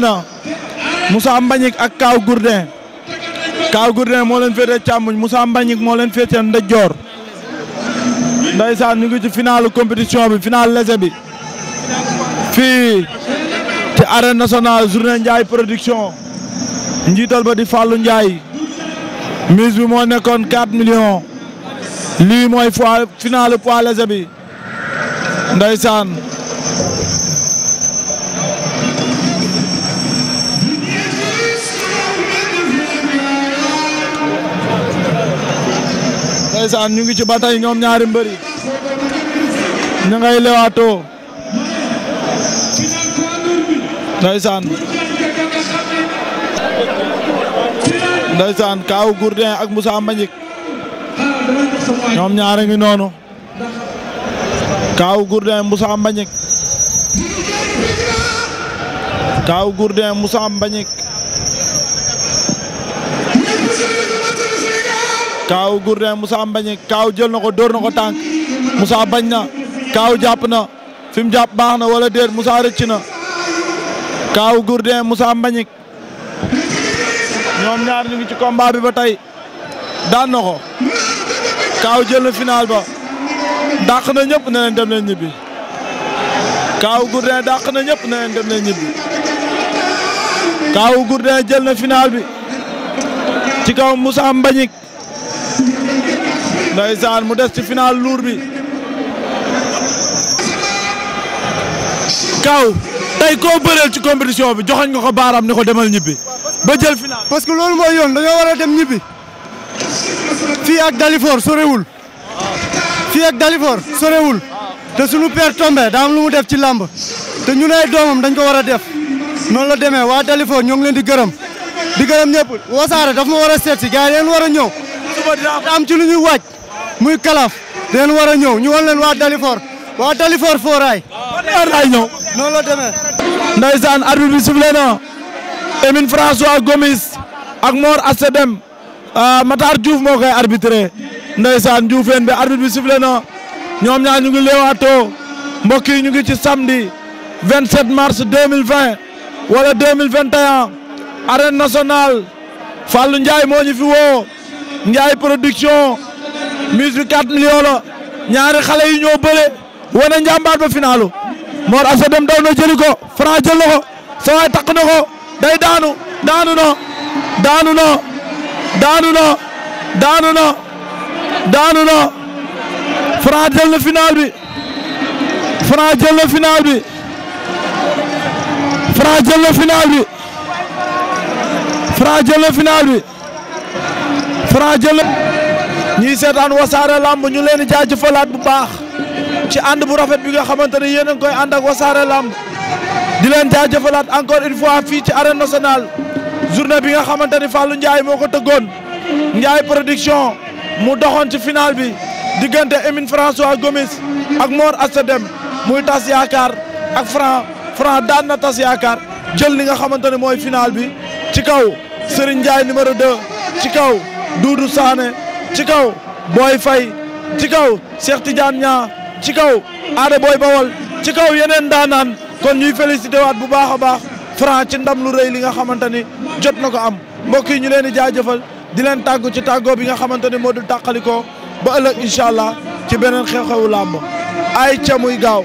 S1: ak Kaaw Gourdin Kaaw Gourdin moo leen féete càmmoñ Moussa Mbagnick moo leen féete ndeyjoor ndeysaan ñu ngi ci finalu compétition bi final lese bi fii ci arène nationale journée Ndiaye production njiital ba di Fallou Ndiaye mise bi moo nekkoon 4 millions lii mooy fois finale poids lese bi ndeysaan ndeysaan ñu ngi ci batay tey ñoom ñaari mbër yi ñu ngay lewaatoo ndeysaan ndeysaan Kaaw Gourdin ak Moussa Mbagnick ñoom ñaari ngi noonu Kaaw Gourdin Moussa Mbagnick Kaaw Gourdin Moussa Mbagnick Kaaw Gourdin Moussa Mbagne Kaaw jël na ko dóor na ko tànk Moussa bañ na Kaaw jàpp na fi mu jàpp baax na wala déet musa rëcc na Kaaw Gourdin Moussa Mbagne ñoom ñaar ñu ngi ci combat bi ba tey daan na ko Kaaw jël na final ba dàq na ñëpp ne leen ñibbi Kaaw Gourdin dàq na ñëpp ne leen ñibbi Kaaw Gourdin jël na final bi ci kaw Moussa Mbagnick ndeysaan mu des ci final luur bi kaw tey koo bëreel ci compétition bi joxoñ nga ko baaraam ni ko demal ñibbi ba jël final parce que loolu mooy yoon dañoo war a dem ñibbi fii ak Dalifor sorewul fii ak sorewul te suñu père tombé daa lu mu def ci làmb te ñu ay doomam dañ ko war a def noonu la demee waa Dalifor ñoo leen di gërëm di gërëm ñëpp wasaare daf ma war a seet si gars yi war a ñëw am ci lu ñuy waaj muy kalaf dinañ war a ñëw ñu wan leen waa Dalifor waa Dalifor fooraay. waaw waaw ñëw. noonu arbitre bi sifflé na Emine Gomis ak Mor Asedem euh, Matar Diouf moo koy arbitré ndeysaan Dioufeen bi arbitre bi ñoom ñaar ñu ngi leewaatoo mbokk yi ñu ngi ci samedi 27 mars 2020 wala 2021 arène nationale Fallou Ndiaye moo ñu fi woo Ndiaye production. mise bi 4 millions la ñaari xale yi ñoo bëre wane njàmbaar ba finalu Mor Assa dem daw na jëli ko Franc jël na ko sa waay takk ko day daanu daanu na daanu na daanu na daanu na daanu bi Franc jël na bi Franc jël na bi Franc jël ñiy seetaan wasaare lamb ñu leen di jaajëfalaat bu baax ci ànd bu rafet bi nga xamante ne yéen a ngi koy ànd ak wasaare lamb di leen jaajëfalaat encore une fois fii ci arène nationale journée bi nga xamante ni Fallou Ndiaye moo ko tëggoon Ndiaye production mu doxoon ci final bi diggante émine François Gomis ak Mor Assadem muy tas yaakaar ak Franc Franc daan na tas yaakaar jël li nga xamante ne mooy final bi ci kaw Serigne Ndiaye numéro 2 ci kaw Doudou ci kaw Boy Faye ci kaw seex Tidiane ñaa ci kaw Ada Boy Bawol ci kaw yeneen daanaan kon ñuy félicité waat bu baax a baax Franc ci ndam lu rëy li nga xamante ni jot na ko am mbokk yi ñu leen di jaajëfal di leen tàggu ci tàggoo bi nga xamante ni moo dul tàqalikoo ba ëllëg incha allah ci beneen xew-xewu làmb ay ca muy gaaw